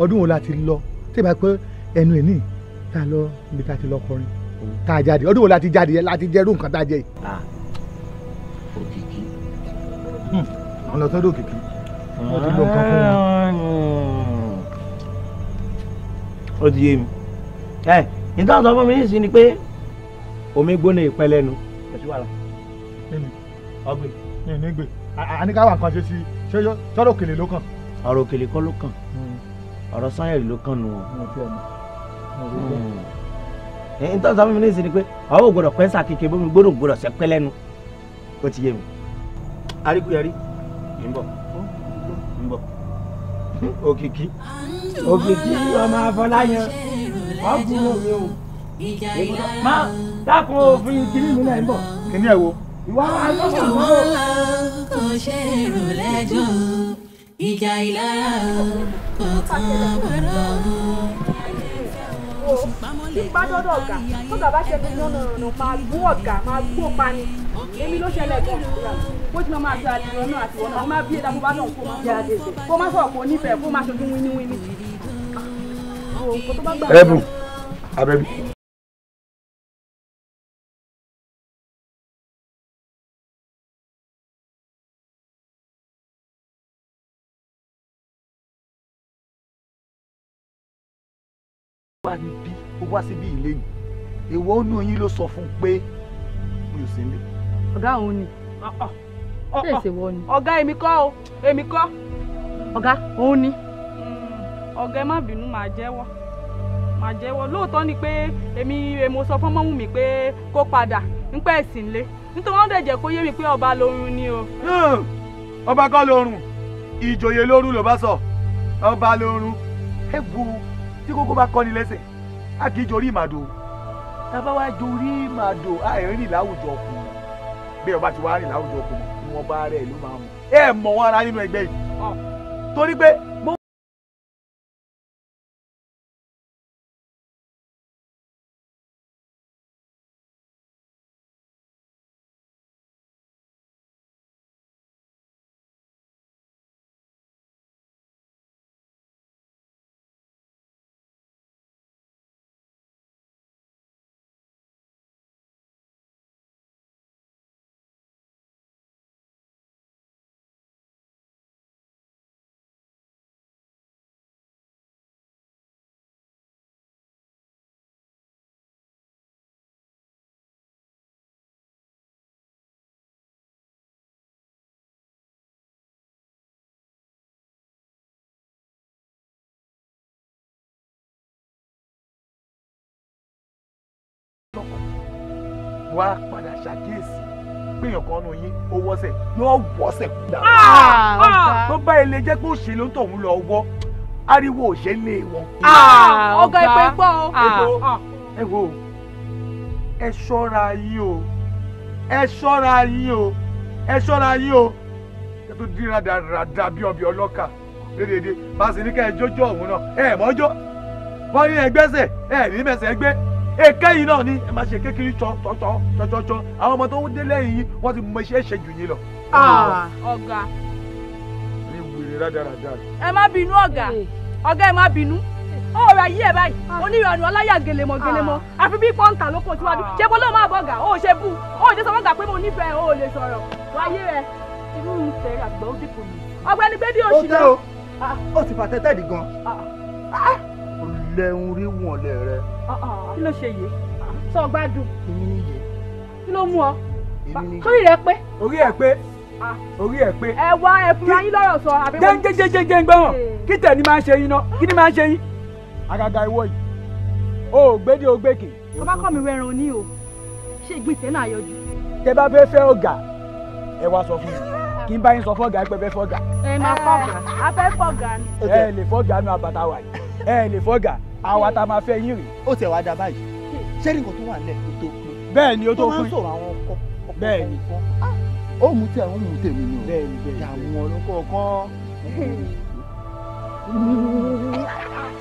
ọdún wo la ti lọ tí ìbá pé ẹnu ìní tá a lọ ibi tá a ti lọ kọrin tá a jáde ọdún wo la ti jáde yẹn la ti jẹ irú nǹkan tá a jẹ yìí. òkìkí hmm, àwọn lọ sọ́dọ̀ òkìkí wọ́n ti lo nǹkan fún wọn. ó ti yé mi ẹ nítorí sọ mi nísìnyí ni pé omi gbóná ìpẹlẹnu ẹ̀sùn ọgbẹ́. ẹ̀ nígbè àníkàwá nǹkan ṣe sí ṣé sọ́dọ̀ òkèlè ló kàn. ọ̀rọ̀ òkèlè kọ́ ló kàn hmm. ọ̀rọ̀ sáyẹ̀rì ló kàn nù wọn. Hmm, hmm, ẹ̀yin tó ń sọ fún mi ní ìsìn ni pé àwọn ò pẹ́ sà kékeré bómi gbọdọ̀ gbọdọ̀ sẹ́ pẹ́ lẹ́nu ó ti yé mi. arígbéyàrí ń bọ̀ ń bọ̀ òkìkí òkìkí ọmọ afọláyàn ọkùnrin mi ò má dákun òfin kìnnìún náà ń bọ̀. kìnnìún ẹ̀ wo. ìwà àlọ́ kò ṣe èrò lẹ́jọ́ ìjà ìlara kò tán bọ̀rọ̀ tí bá dọ́dọ̀ ọ̀gá tọ́gà bá ṣe fún lọ́nà ọ̀nà máa gbó ọ̀gá máa gbó pani èmi ló ṣẹlẹ̀ gan bó ti máa gba àdìrọ̀ náà àti wọ̀nà máa bí ẹ̀dá bó bá náà kó máa yára dé kó má sọ̀rọ̀ kó nífẹ̀ẹ́ kó má ṣojú wíníwíní. ẹ̀bùn abẹ́bí. wá níbí ó wá síbí ilé mi èwo inú yín ló sọ fún un pé mi ò sí nílé. ọ̀gá òun ni ṣèṣe wọ ni. ọ̀gá èmi kọ́ o èmi kọ́. ọ̀gá òun ni. Hmm, ọ̀gá ẹ má bínú màá jẹ́wọ́ màá jẹ́wọ́ lóòótọ́ ni pé èmi èmo sọ fún mọ́mú mi pé kó padà ń pẹ́ ẹ̀sìn lé nítorí wọ́n dẹ̀ jẹ́ kó yé mi pé ọba lorun ni o. Hmm, ọba kọ́ lorun ìjòyè lorun ló bá sọ ọba lorun ẹ wo tí kókó bá kọ́ni lẹ́sẹ̀ a kì í jorí ìmàdò tábà wá jorí ìmàdò a ẹ̀ rìn láwùjọ kù bẹ́ẹ̀ ọba ti wá rìn láwùjọ kù ni wọ́n bá rẹ̀ ló máa mú ẹ̀ mọ̀ wọn ara nínú ẹgbẹ́ yìí torí pé mo wá padà ṣàkíyèsí péyàn kan nù yín ó wọ́sẹ̀ yóò wọ́sẹ̀ kúdà. Ah, ah, tó bá ilé jẹ́ pé òṣèlú ló ń tọ̀hún lọ wọ́ ariwo òṣè lé wọn. Ah, ọgá ìpè gbọ́ o. ẹ wo ẹ ṣọ́ra yín o ẹ ṣọ́ra yín o ẹ ṣọ́ra yín o ẹ tó dín rádaràdà bí ọbẹ̀ ọlọ́kà dédédé bá a sì ní ká ẹ jójó òun náà ẹ mọ́jọ́ wọ́n ní ẹgbẹ́sẹ̀ ẹ ní mẹ́sẹ̀ ẹgbẹ́ èké yìí náà ni ẹ máa ṣe kékeré tsọ tsọ tsọ tsọ àwọn ọmọ tó ń délé yìí wọ́n ti mọ iṣẹ́ ìṣe jù yín lọ. Ah. ọ̀gá. mi wèrè rádaràda. ẹ má bínú ọ̀gá eh. ọ̀gá ẹ má bínú ọ̀rọ̀ ayé ẹ̀ báyìí ah. onírànú ọláyà gèlèmọ̀ gèlèmọ̀ ah. àfi bí pọ́ńtà ló kò síwájú ṣé bó ló máa bọ̀ gà ó ṣe bú ó ṣe sọ́wọ́ gà pé mo nífẹ̀ẹ́ ó lè sọ̀rọ̀ wáyé rẹ inú ń tẹ̀ àgbà ó sì kò ní. ọ̀gbẹ́ni bébí oṣù náà. ó tẹ́ o ó ti fàtẹ́tẹ́ dì gan-an lẹ́hún rí wọ̀nlẹ̀ rẹ. kí ló ṣe yìí sọ gbádùn. èmi ni yìí. kí ló mú ọ. èmi ni yìí. sórí rẹ pé. orí ẹ pé orí ẹ pé. ẹ wá ẹ fúnra yín lọ́rọ̀ sọ àbí. jẹ́ńjẹ́jẹ́jẹ́ gbọ́n kí tẹ̀ni máa ń ṣe yín ná kí ni máa ń ṣe yín. àgàgà ìwọ yìí o ò gbédè o gbèkè. ọba kọ́ mi wẹran òní o ṣé ìgbìntẹ́ náà yọjú. tẹ bá fẹ́ fẹ́ ọ̀gá ẹ wá sọ fún mi kí n bá yín sọ fọ́gà ẹ pẹ́ fẹ́ fọ́gà. ẹ máa fọ́gà a fẹ́ fọ́gà ni. ẹ lè fọ́gà nu àbàtà wa yìí ẹ lè fọ́gà àwa tá a máa yín rè. ó tẹ̀ wá da báyìí ṣé ní nǹkan tó wà nílẹ̀ tó tó bẹ́ẹ̀ ni ó tó pé. tó ah! ó mú tí àwọn mú tèmi ni o. ni bẹ́ẹ̀ àwọn ọlọ́kọ̀ kan.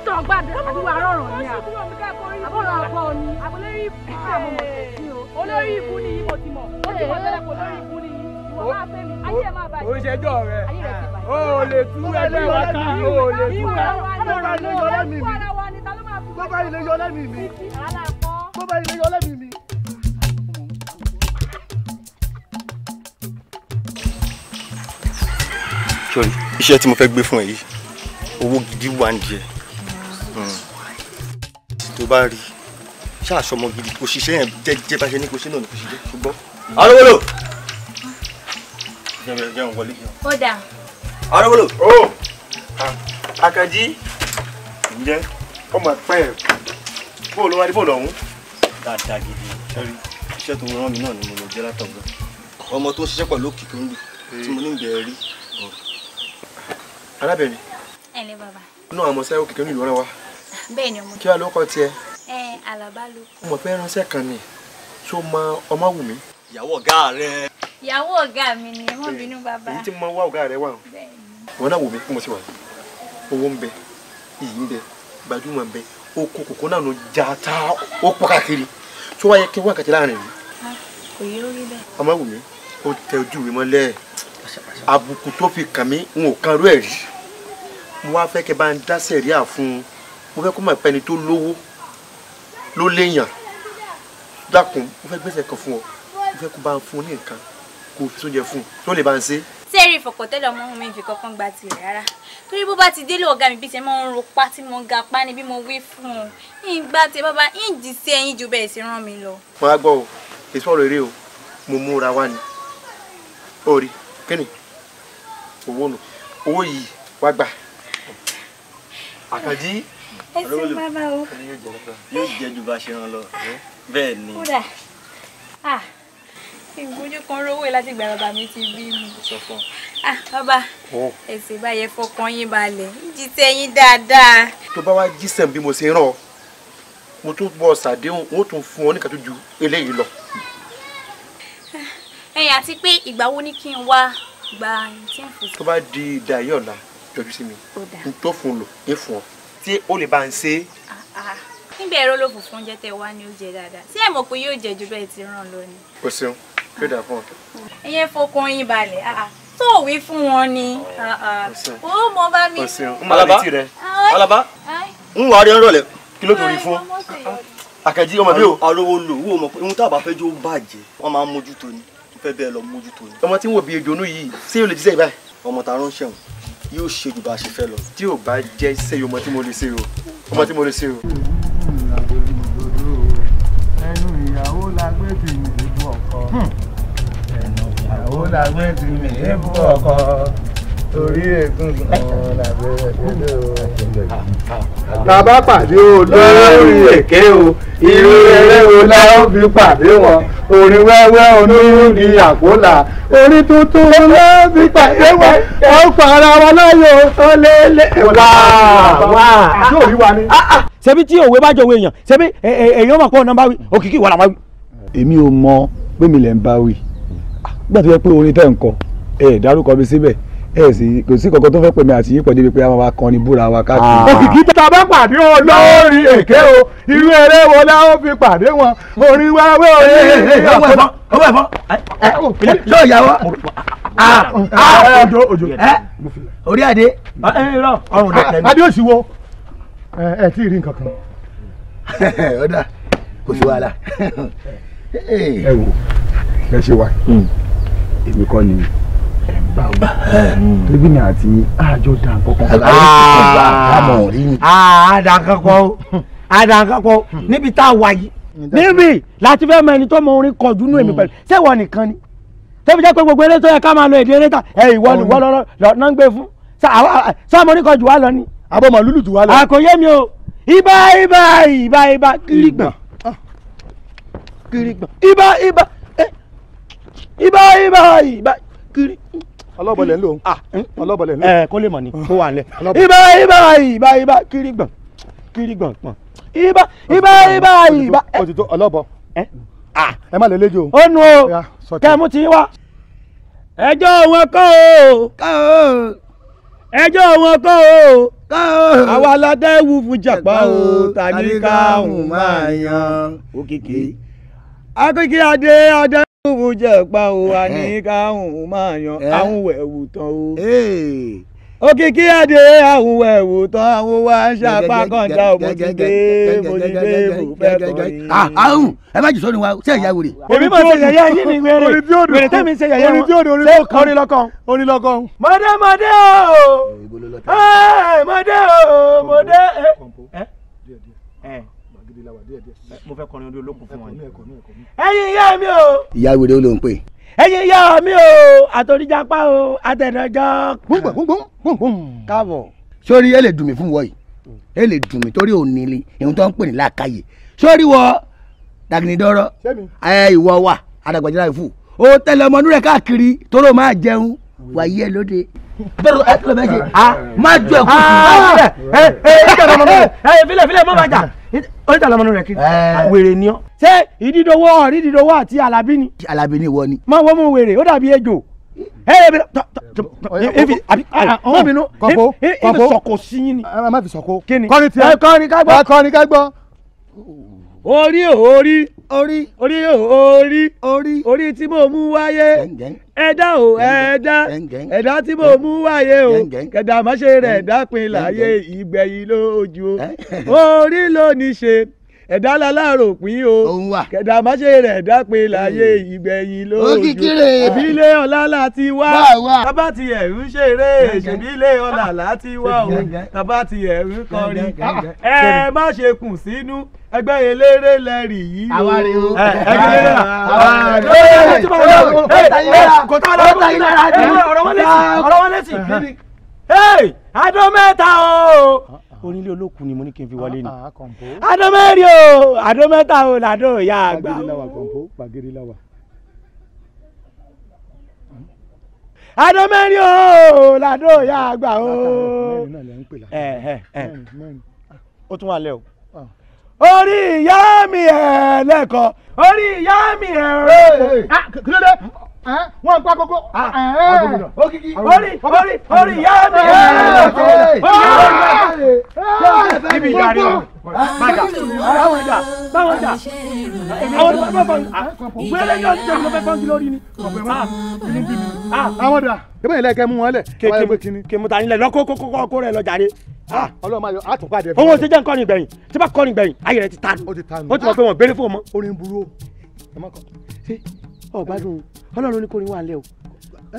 sọ̀gbà dẹ́kun ti wà rọrùn ni à àbọ̀lọ̀ àpọ̀ ni àbọ̀lẹ́rì ìbú ni ìbò ti mọ̀ ó ti mọ̀ tẹ́lẹ̀ kò lórí ìbú ni o ṣẹjọ rẹ o ò lè tú ẹgbẹ́ wa ká o ò lè tú ká tó bá ilé yọ lẹ́mìí mi tó bá ilé yọ lẹ́mìí mi tó bá ilé yọ lẹ́mìí mi. iṣẹ́ tí mo fẹ́ gbé fún ẹ yìí owó gidi wà ń díẹ̀ hmm. tó bá rí ṣáà sọmọ gidi kò ṣiṣẹ́ yẹn jẹ́jẹ́ bá ṣe ní kò ṣe náà ní kò ṣiṣẹ́ ṣùgbọ́n. arówólò jẹ́ jẹ́ wọlé. ó dà. arúgbó. ó oh. Àkànjí. ǹjẹ́ ọmọ pẹ́ ẹ̀ bó ló wá dé bó lọ́hún. dáadáa gidi sẹ́rí iṣẹ́ tó rán mi náà ni mo lọ jẹ́ látọ̀gbọ́n ọmọ tó ń ṣiṣẹ́ pẹ̀lú òkè tó ń lù tí mo ní ìbẹ̀rẹ̀ rí. arábìnrin. ẹ ní bàbá. náà àmọ́ sẹ́wọ́ kékeré nílùú ọ̀rẹ́ wa. bẹ́ẹ̀ ni ọmọ. kí wàá ló kọ tiẹ̀. ẹ Àlàbá ló. mo fẹ́ ránṣẹ́ kan ni ṣó mọ ọmọ wù mí. ìyàwó ìyàwó ọ̀gá mi ni ẹ mọ̀ bínú bàbá. èyí tí mo wá ọ̀gá rẹ wà o wọn náà wò mí kí mo sì wà owó ń bẹ iyì ń bẹ gbajúmọ̀ ń bẹ oko kòkó náà ló já tá ó pọ̀ káàkiri tó wáyé kí wọ́n kàtí láàrin mi. kò yẹ orí bẹ́ẹ̀. ọmọ wù mí ó tẹ ojú mi mọ́lẹ̀ àbùkù tó fi kàn mí n ò kan rú ẹ̀ rí mo wá fẹ́ kí bá ń dá sẹ̀ríà fún mo fẹ́ kó mọ̀ pẹ́ni tó lówó ló léèyàn dákun mo fẹ́ gbèsè kan fún ọ mo fẹ́ kó bá ń fún un ní nǹkan kó fi sóúnjẹ fún un tó lè bá ń ṣe. sẹ́ẹ̀rì ìfọ̀kọ̀tẹ́lẹ̀ ọmọ mi fi kankan gba tirẹ̀ rárá torí bó bá ti délé ọ̀gá mi bí ṣe máa ń ro pa tí mo ga pa ni bí mo wí fún un ìgbà tí bàbá ìjì sí ẹyin ju bẹ́ẹ̀ sí rán mi lọ. mo á gbọ́ o èso ọ̀rọ̀ eré o mo múra wá ni orí kíni owó nù owó yìí wá gbà àkàndí ẹsìn bàbá o yóò jẹ ju bá ṣe rán lọ bẹ́ẹ̀ ni. kódà ah ìgbójú kan rówó láti gbà bàbá mi ti bí mi. ah bàbá èsì báyẹn fọkàn yín balẹ̀ jí tẹ́yìn dáadáa. tó bá wá jísẹ̀ bí mo ṣe rán ọ mo tún bọ ṣàdéhùn wọn tún fún ọ níkàtó ju eléyìí lọ. Ah, ẹ̀yin àti pé ìgbà wo ni kí n wá gba tí ń fò. tó bá di ìdá yìí ọ̀la jọjú sí mi n tó fún un lò ń fún ọ tí ó lè bá ń ṣe. Ah, ah. níbi ẹ̀rọ ló fòfun jẹ́ tẹ́ wá ní oúnjẹ dáadáa tí ẹ mọ̀ pé yóò jẹ́ ju bẹ́ẹ̀ ti ràn lọ ni. o ṣeun yóò dà fún ọkẹ. ẹyẹ fọkàn yín balẹ̀ tó ah, ah. wí fún wọn ni oh, ah, ó mọ bá mi. alaba alaba ń wà á rí ọ̀rọ̀ rẹ kí ló torí fún akẹ́jí ọmọ bí o. arówó lò wó mọ̀ pé ohun tá a bá fẹ́ jó bàjẹ́ wọ́n máa ń mójútó ni fẹ́ bẹ́ẹ̀ lọ mójútó ni. ọmọ tí ń bí ejò yìí ṣé yóò lè jíṣẹ́ ìbáyìí. ọmọ tá a ránṣẹ́ wọn yóò ṣe jù bá a ṣe fẹ́ lọ. tí ò bá jẹ́ iṣẹ́ ọmọ tí mo lè ṣe o ọmọ tí mo lè ṣe o. ẹnu ìyàwó la gbé bí ìdìbò làgbẹ́ ti mi èébú ọkọ torí egungun làgbẹ́ ẹ̀dọ́ bàbá pàdé o lórí èké o irú eré o láwọn fi pàdé wọn orin wẹ́wẹ́ onírú ni àkólà orin tuntun ló fi pàdé wọn ó fara wọn láyò ó lé lé wá wá yóò rí wa ni. ṣebí tí òwe bá jọ òwe èèyàn ṣebí èèyàn mọ̀ pé ọ̀nà bá wí òkìkí ìwà làwọn èmi ò mọ pé mi lè ń bá wí gbàtí ẹ pé orin tẹ̀ ń kọ ẹ dárúkọ mi síbẹ̀ ẹ sì kò sí kankan tó fẹ́ pèmí àti yípo débi pé a máa kọrin búra wa káàkiri. Ah. òkìkí tá a bá pàdé wọn lórí èké o irú eré wo la ó fi pàdé wọn orí wáwé orí àkọ́dá. owó ẹ̀fọ́ owó ẹ̀fọ́ yóò yà wá ah, ah, ojo ojo orí adé ọrùn dẹ. adé òsì wo ẹ tí rí nǹkan kan. ọ̀dà kò sí wàhálà. ẹ wo ẹ ṣe wá èmi kọ́ ni ẹ̀ ń bá mi àti àjọ dàn kankan. àmọ̀ rí ni. àdàn ah, kankan o àdàn kankan o níbi tá a wà yìí níbi láti fẹ́ mọ ẹni tó mọ orin kọjú nú èmi hmm. pẹ̀lú sẹ́wọ̀n nìkan ni tẹ́bi jẹ́ pé gbogbo eré tó yẹ ká máa lọ èdè eré ta ẹ̀ ìwọ ni ìwọ lọ́ọ́ náà ń gbé fún sáà mo kọjú wa lọ ni. abọ́mọ lulu jù wa lọ. àkòyé mi o ibà ibà ibà ibà kirigbọn kirigbọn ah. ibà ibà ibà ibà ibà kiri. ọlọ́bọlẹ̀ ń lò ó ah. ọlọ́bọlẹ̀ ń lò ó. ẹ eh, kó lè mọ̀ ni kó wà nílẹ̀. ibà ibà ibà ibà kiri gbọ̀n kiri gbọ̀n gbọ̀n ibà ibà ibà ibà. o ti tó ọlọ́bọ eh? ah, ẹ má lè léjo. ó nu o kẹ́mu ti wá. ẹjọ́ wọn kọ́ o kọ́ o ẹjọ́ wọn kọ́ o àwa aládé wù jàpá o tani káhùn máa yan òkìkí. akíkí adé adé òun jẹ́ pa o wa ní káwọn máa yan àwọn wẹ̀wù tán o òkìkí àdé àwọn ẹ̀wò tán àwọn wá ń ṣàpá kọ̀ǹda mo ti dé mo ti dé mo fẹ́ kọ́ yìí. àhùn ẹ má jù sọ́ni wa ṣé ìyá wèrè. èmi mọ̀ ṣe yẹ̀yẹ́ yìí ni wèrè wèrè tẹ́mi ṣe yẹ̀yẹ́ wọn ṣé onílọ́kàn onílọ́kàn. mọ̀dé mọ̀dé o mọ̀dé o mọ̀dé. Eh, eh mo fẹ́ kọrin orí olókùn fún wọn. ẹ̀yin ìyá mi o. ìyá wèrè ó ló ń pè. ẹ̀yin ìyá mi o àtòríjàpá o àtẹ̀dọ̀jọ́. gbọ̀ngbọ̀ngbọ̀ngbọ̀ngbọ̀n káàbọ̀. sórí ẹ lè dùn mí fún wọ yìí ẹ lè dùn mí torí òní ni ìhun tó ń pè ní làákàyè sórí wọ dàgìnìdọ́rọ́ ẹ ìwọ wà àdàgbàjẹ́ra ìfù ó tẹ̀lé ọmọ nírẹ̀ káàkiri tóró máa jẹun wàyí ẹ lóde bẹ́ẹ̀ ẹ kìlọ̀ bẹ́ẹ̀ ṣe a máa ju ẹ̀kú sí i. ẹ ẹ ẹ ẹ filẹ̀ filẹ̀ mọ́ bàjá oríta lọmọ nù rẹ kiri eh. ah, wèrè ni ọ. ṣé ìdídowó ọ̀rí ìdídowó àti alábí ni. alábí ni ìwọ ni. máa wọ́n mú wèrè ó dàbí ejò ọmọbìnrin kọfó kọfó sọkò sí yín ni. a eh, máa fi sọkò. kí ni kọ́ni tí eh, a kọ́ni ká gbọ́. kọ́ni ká gbọ́. orí orí orí orí orí orí orí tí mo mú wáyé ẹ̀dá o ẹ̀dá tí mo mú wáyé o kẹ̀dá má ṣe rẹ̀ dápin láyé ìgbẹ̀yìn lójú o orí ló ṣe ẹ̀dá lálárò pín o kẹ̀dá má ṣe rẹ̀ pin láyé lójú ìbílẹ̀ wá tábà ti ẹ̀rù ṣeré wá o tábà ti ẹ̀rù ẹ má ṣe kùn sínú. ẹgbẹ́ eléré lẹ́rì yìí o ẹgbẹ́ eléré la kò tá a lọ ọ̀rọ̀ wọn lẹ́sìn ọ̀rọ̀ wọn lẹ́sìn adó mẹ́ta o ah, onílé olókùn ni mo ní kí n fi wọlé ni ah, ah, adó mẹ́rin o adó mẹ́ta o làdó ìyá àgbà. adó mẹ́rin o làdó ìyá àgbà o. Eh, eh, eh. ó tún wà lẹ́ o orí ìyá mi ẹ̀ẹ́lẹ́kọ̀ọ́ orí ìyá mi ẹ̀ẹ́rẹ́. Ah, kí wọn pa kókó. òkìkí ah, ah, ah. orí orí orí yá mi. ibi ìyá o bàjá báwọn ìjà báwọn ìjà àwọn ìjà bá bọ̀ gbẹ́rẹ́ yóò ti jẹun lọ́fẹ́ bọ́ńkì lórí ni. àwọn ìjà ìbọn ilé kẹ mú wọn lẹ. kí mo ta yín lẹ lọ kó kó kó kó rẹ lọ jàre. ọlọ́run máa owó ti jẹ́ nǹkan ní tí bá kọ́ ní gbẹ̀yìn ayẹyẹ ti ta nù. ó ti mọ̀ pé wọ́n béèrè fún ọmọ. orin burú o ọ gbádùn ọlọ́run ní kò ní wà lẹ́ o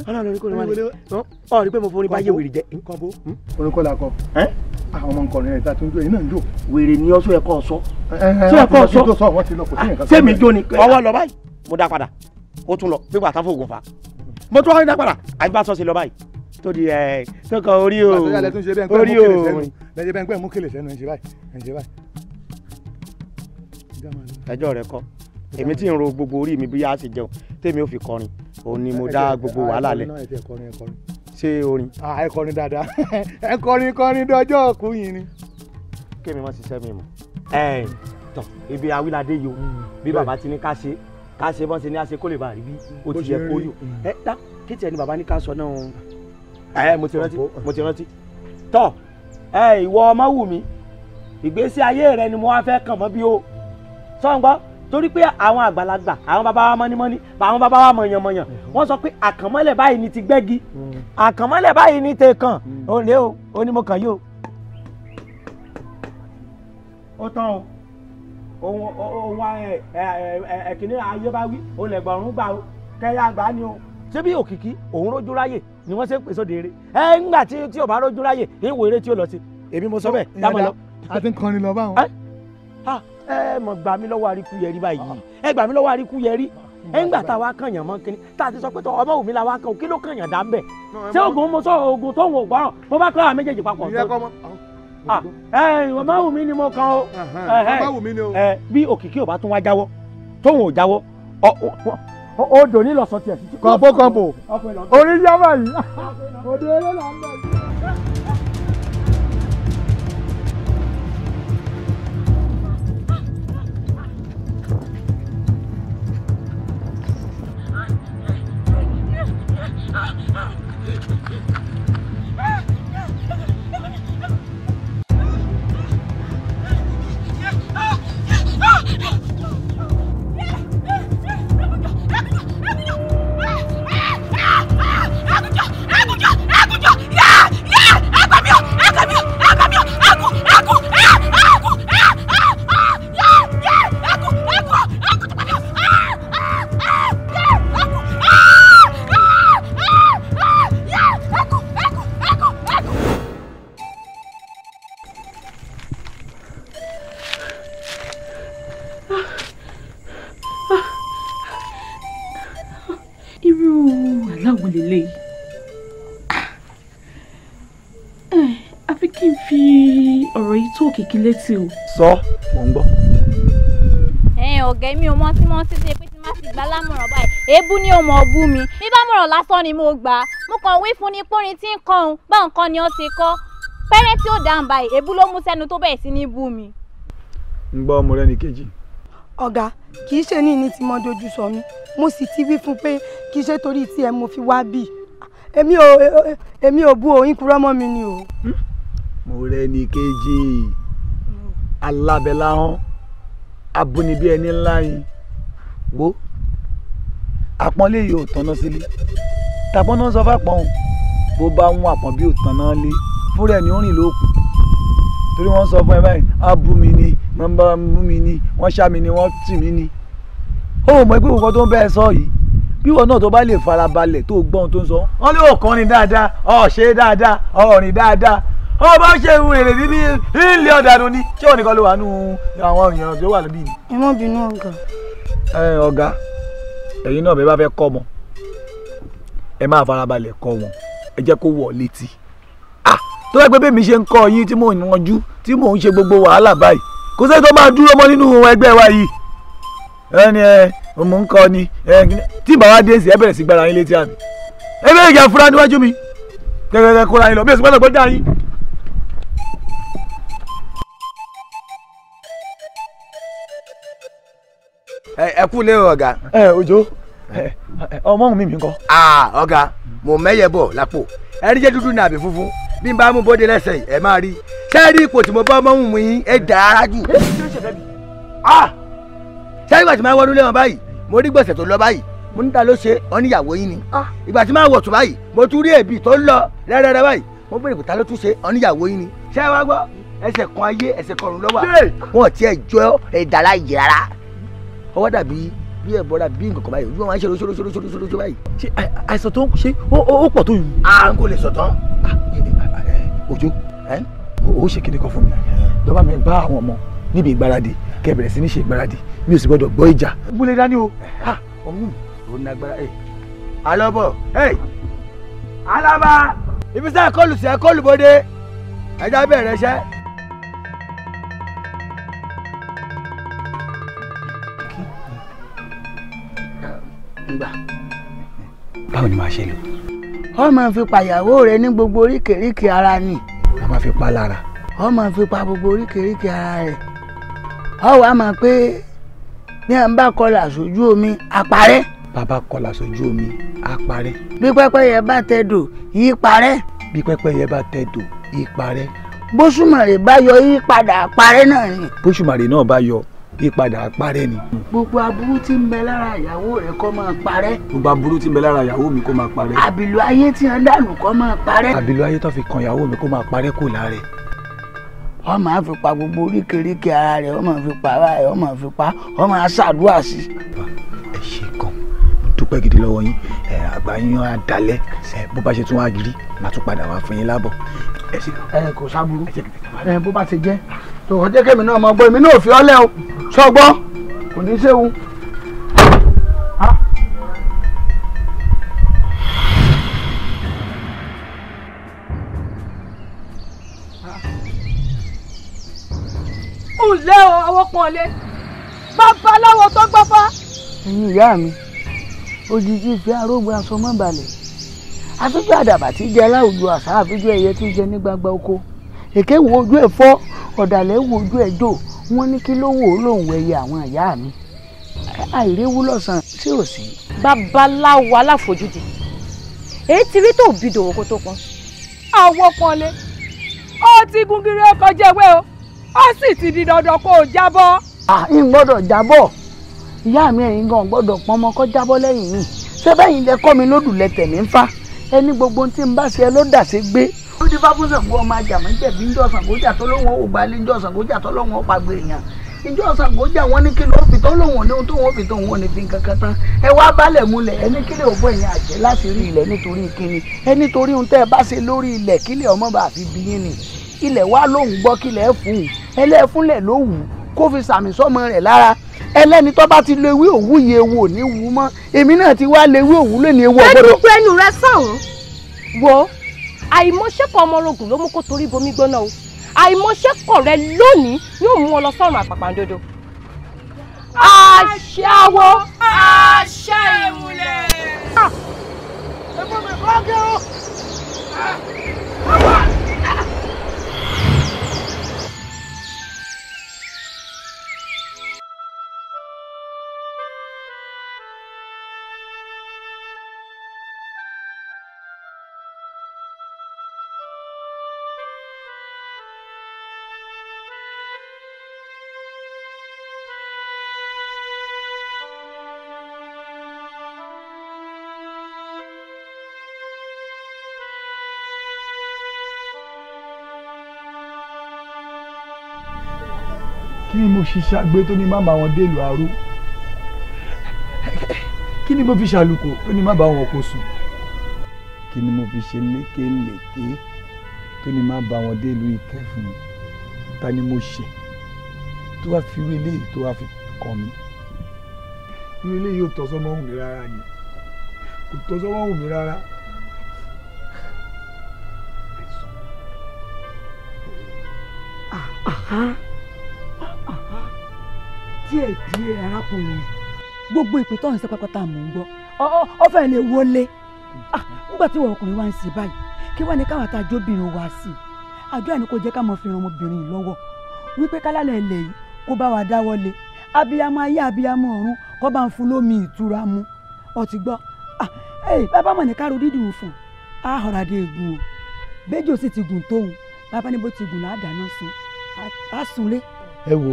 ọlọ́run ní kò ní wà lẹ́ ọ rí pé mo forin báyé wèrè jẹ. kọ́bó hmm? orúkọ la kọ àwọn ọmọ nǹkan rẹ̀ ta tó ń jó iná ń jó. wèrè ni ọsọ ẹkọ ọsọ ṣé ẹkọ ọsọ sẹmi jó ni ọwọ́ lọ báyìí mo dá padà ó tún lọ gbégbà tá fóògùn fa mo tún wá dá padà àbí bá sọ sí lọ báyìí tó di ẹ tó kọ orí o orí o lẹjẹ bẹ́ẹ̀ ń pẹ mú kele sẹ́nu ẹ ń ẹjọ́ rẹ kọ́ èmi tí ń ro gbogbo orí mi bóyá a sì jẹun tèmi ò fi kọrin òun ni mo dá gbogbo wàhálà lẹ ṣé orin. ẹ kọrin dáadáa ẹ kọrin kọrin dọjọ́ òkú yìí ni. kémi wọn ṣiṣẹ́ mi mọ̀ ẹ tán ibi awilade yìí o mm, bí baba ti ní ká ṣe ká ṣe bọ́n ṣe ní àṣẹ kó lè bá rí bí o ti yẹ kó rí o mm. ẹ dá kí tiẹ̀ ni baba ní ká sọ náà ẹ mo ti rántí mo ti rántí tọ ẹ ìwọ ọmọ wù mí ìgbésí ayé rẹ ni mo wá fẹ́ kàn mọ́ bí o sọ̀ ń gbọ́ torí pé àwọn àgbàlagbà àwọn bàbá wa mọ́nímọ́ní àwọn bàbá wa mọ̀yànmọ̀yàn wọ́n sọ pé àkànmọ́lẹ̀ báyìí ni ti gbẹ́gi àkànmọ́lẹ̀ báyìí ni te kàn ó lé o ó ní mo kàn o ó tán o ohun ohun ẹ̀kíní ayé bá wí olè gbọ̀rún gbà o kẹ́yà gbà ni o ṣé bí òkìkí òun rójú ráyè ni wọ́n ṣe ń pèsè òde eré ẹ ńgbà tí o bá rójú ráyè ń wo eré tí o lọ sí èmi mo sọ bẹ́ẹ̀ dámọ̀ lọ. a ti ń kọrin lọ báwọn ẹ mọ̀ gbà mí lọ́wọ́ àríkú yẹrí báyìí ẹ gbà mí lọ́wọ́ àríkú yẹrí ẹ ń gbà tá a wá kànyàn mọ́ kínní tá a ti sọ pé tọ ọmọ òmìnira wa kàn kí ló kànyàn dá ń bẹ̀ ṣé oògùn mo sọ oògùn tó ń wò gbọ́ràn mo bá kọ́ àwọn méjèèjì papọ̀ ah, ọmọ òmìnira ni mo kàn o bí òkìkí ò bá tún wá jáwọ́ tóun ò jáwọ́ ó dòní lọ́sọ̀ tiẹ̀. kọ̀ǹpó kọ̀ǹpó orí yá báyìí. Ha ha ha! lélẹ̀ àfi kí n fi ọ̀rọ̀ yìí tó òkìkí létí o. sọ mò ń gbọ́. ẹ ọ̀gá mi ò mọ tí mo ti ṣe pé tí má ti gbà lámọ̀ràn báyìí èébú ni ó mọ̀ ọ́ bú mi bí bá mọ̀ràn lásán ni mo gbà á mo kàn wí fún ni pórin tí ń kọ́ òun bá nǹkan ni ó ti kọ́ pẹ́rẹ́ tí ó dáhùn báyìí èébú ló mú sẹ́nu tó bẹ̀rẹ̀ sí ní bú mi. ń gbọ́ ọmọ rẹ ní kejì. ọ̀gá kì í ṣe ní ìní tí mo dojú sọ mi mo sì ti wí fún pé kì í ṣe torí tí ẹ mo fi wá bì èmi ò èmi ò bú oyin kúrọ́ mọ́ mi ni o. mo rẹ ní kejì alábẹ́láhán abúnibí ẹni ńlá yìí wo àpọ́nlé yìí ò tanná sílé tàbọ́n náà sọ fápọ́n o bó bá ń àpọ́n bí ò tanná lé fúnra ẹ̀ ní orin lóòkù torí wọ́n sọ fún ẹ báyìí abú mi ni wọ́n bá mú mi ni wọ́n ṣá mi ni wọ́n tì mí ni ó mọ̀ pé òkò tó ń bẹ́ẹ̀ sọ yìí bí wọn náà tó bá lè farabalẹ̀ tó gbọ́ ohun tó ń sọ wọn lé ọkùnrin dáadáa ọ̀ṣẹ́ dáadáa ọ̀rìn dáadáa ọ bá ṣe ìwé èrè níbi ilé ọ̀dàdún ni ṣé wọn nìkan ló wà nù àwọn èèyàn tó wà níbí ni. ẹ má bínú ọ̀gá. ẹ ọ̀gá ẹ̀yin náà bẹ́ẹ̀ bá fẹ́ kọ́ wọn ẹ máa farabalẹ̀ kọ́ wọn ẹ jẹ́ kó wọ̀ létí. tó bá gbé bẹ́ẹ̀ mi ṣe ń kọ́ yín tí mò ń yanjú tí mò ń ṣe gbogbo wàhálà báyìí kò sẹ́ni tó máa dúró mọ́ nínú ẹgbẹ́ wa yìí ẹni ẹ mo ń kọ́ ni tí bàbá dé sí ẹ bẹ̀rẹ̀ sí gbára yín létí àmì ẹ bẹ̀rẹ̀ ìjà fúra níwájú mi kẹ̀kẹ́ kóra yín lọ bí èsì gbọ́dọ̀ gbọ́dọ̀ yín. ẹ kú lé ọ̀gá. ẹ ojo ọmọ mi mi kọ. ọ̀gá mo mẹ́yẹ̀ bọ̀ lápò ẹni jẹ́ dúdú nàbì funfun bí n bá mú bóde lẹ́sẹ̀ ẹ̀ máa rí sẹ́ẹ̀rí ipò tí mo bá ọmọ mi yín ẹ̀ dára jù. kí ló ṣe bẹ́ẹ̀ mi sẹ́yìnbà tí máa wọ́n lé wọn báyìí mo rí gbèsè tó lọ báyìí mo níta ló ṣe ọ níyàwó yín ni ìgbà tí máa wọ̀ tún báyìí mo tún rí èbì tó lọ rẹ́rẹ́rẹ́ báyìí mo bèrè pé ta ló tún ṣe ọ níyàwó yín ni ṣé wàá gbọ́ ẹsẹ̀ kan ayé ẹsẹ̀ kan ọ̀run lọ́wọ́ wọn ti ẹ̀ jọ ẹ̀dá láyè rárá ọwọ́ dàbí bí ẹ̀bọ̀ra bí nǹkan kan báyìí ojú wọn máa ń ṣe lóṣooṣooṣooṣooṣo báyìí. ṣe àìsàn tó ń ṣe ó pọ̀ tó yìí. a n kò lè sọ tán. òjò o ṣe kíni kan fún mi lọ́ba mi bá àwọn ọmọ níbi ìgbáradì kẹ́ bẹ̀rẹ̀ sí ní ṣe ìgbáradì mi ò sì gbọ́dọ̀ gbọ́ ìjà. múlẹ̀ dání o ha ọ̀hún ò ní agbára ẹ̀ alọ́bọ̀ ẹ̀ alaba ibiṣẹ́ ẹ̀kọ́lù sí ẹ̀kọ́lù bóde ẹ̀dá bẹ̀rẹ̀ iṣẹ́. báwo ni màá ṣe lò. ó máa fi pàyàwó rẹ ní gbogbo oríkèéríkèé ara ni. a máa fi pa lára. ó fi pa gbogbo oríkèéríkèé ara rẹ̀ ọ wàá mọ̀ pé bí wọn bá kọlà sójú omi àparẹ́. bàbá kọlà sójú omi àparẹ́. bí pẹ́pẹ́yẹ bá tẹ̀dò yí parẹ́. bí pẹ́pẹ́yẹ bá tẹ̀dò yí parẹ́. bóṣùmàrè bá yọ yí padà àparẹ́ náà ni. bóṣùmàrè náà bá yọ yí padà àparẹ́ ni. gbogbo aburú tí ń bẹ lára ìyàwó rẹ kó máa parẹ́. gbogbo aburú tí ń bẹ lára ìyàwó mi kó máa parẹ́. àbìlú ayé tí wọn dànù kó máa parẹ́. àbìlú ayé tó fi kan ìyàwó mi kó máa parẹ́ kò láàrẹ̀ ọmọ àfipá gbogbo oríkèéríkè ara rẹ̀ ọmọ àfipá ara rẹ̀ ọmọ àfipá ọmọ àṣàdúrà sí. ẹ ṣe gan dúpẹ́ gidi lọ́wọ́ yín àgbà yín á dalẹ̀ bó bá ṣe tún wá rí màá tún padà wá fún yín lábọ̀. ẹ kò sábúrú ẹ bó bá ṣe jẹ́ tó ọjọ́ kẹ́mi náà mọ gbọ́ èmi náà ò fi ọ́ lẹ́ o sọ kò ní í ṣéwu. lé o àwọn kan lé babaláwo tó gbọ́fá. ẹ̀yin ìyá mi òjijì ìfẹ́ arógun aṣọ mọ́ balẹ̀ àfijọ́ àdàbà tí jẹ láwùjọ àṣà àfijọ́ ẹyẹ tí jẹ ní gbangba oko èké wo ojú ẹ̀ fọ́ ọ̀dàlẹ̀ wo ojú ẹ̀ jò wọ́n ní kí ló wò ó lòun wẹ̀yẹ àwọn ìyá mi àìréwú lọ́sàn sí òsì. babaláwo aláfojúdi èyí ti rí tó bí dòwòkó tó pọn. àwọn pọnlé ó ti gungire kọjá ewé o ó sì ti di dandan kó o jábọ́. àyìn gbọ́dọ̀ jábọ́ ìyá mi ẹ̀yìn gan gbọ́dọ̀ pọn ọmọ kọ́ jábọ́ lẹ́yìn mi ṣé bẹ́yìn lẹ kọ́ mi lódùlẹ̀ tẹ̀mí ń fa ẹni gbogbo tí ń bá ṣe ló dà sí gbé. ó ti bá fún Ṣàngó ọmọ ajàmọ́ jẹ̀bi ńjọ́ Ṣàngójà tó lóun ò gbalẹ̀ ńjọ́ Ṣàngójà tó lóun ò pàgbé èèyàn ìjọ Ṣàngójà wọn ní kí ló fi tó lóun ò ní ohun tó wọn fi tó wọn ní fi kankan tán ẹ wá balẹ̀ múlẹ̀ ẹni kílẹ̀ òbó ẹ̀yìn àjẹ́ láti rí ilẹ̀ nítorí kíni ẹ nítorí ohun tẹ́ ẹ bá ṣe lórí ilẹ̀ kílẹ̀ ọmọ bá fi bí yín ni ilẹ̀ wá lóun gbọ́ kílẹ̀ fún un ẹlẹ́fúnlẹ̀ ló wù ú kó fi sàmì sọ́mọ rẹ̀ lára ẹlẹ́ni tó bá ti lo ewé òwú yìí ewu ò ní wù ú mọ́ èmi náà ti wá lo ewé òwú lónìí ewu ọgbọ́dọ̀. ẹnu ẹnu rẹ sọ̀hún wo àìmọ̀ṣẹ́kọ̀ ọmọrogùn ló mú kó torí bomi gbóná o àìmọ̀ṣẹ́kọ̀ rẹ lónìí yóò mú ọ lọ sọ́run àpàpàǹdodo. aṣáwó aṣá ìmùlẹ̀. Ah! ẹ̀fọ́ mi kọ́ gẹ́ o. Ah! ṣiṣẹ́ agbé tó ní má bá wọn dèlù àárò kí ni mo fi ṣàlùkò tó ní má bá wọn kó sùn kí ni mo fi ṣe lékelèké tó ní má bá wọn dèlù ìtẹ́ fún ta ni mo ṣe tó wá fi irú eléyìí tó wá fi kàn mí irú eléyìí ò tọ́ sọ́mọ́ wù mí rárá ni kò tọ́ sọ́mọ́ wù mí rárá. huh díẹ̀ díẹ̀ arákùnrin gbogbo ìpè tó ń ṣe pápátá mò ń gbọ́ ọfẹ́ lè wọlé ah, nígbà tí ìwọ ọkùnrin wa ń ṣe báyìí kí wàá ní káwọn àtàjọ obìnrin wa sí i àjọ àní kò jẹ́ ká mọ fìràn ọmọbìnrin lọ́wọ́ wípé kálálẹ̀ ilẹ̀ yìí kó bá wa dáwọ́lé abiyamọ ayé abiyamọ ọ̀run kó bá ń fún lómi ìtura mu ọtí gbọ́ ah, eh, bàbá mọ̀ ní káàró dídùn fún a ọ̀rọ̀ adé egun o bẹ́jọ́ sì ti gùn tóun bàbá ní ti gùn láàdáná sun á sunlé. ẹ wo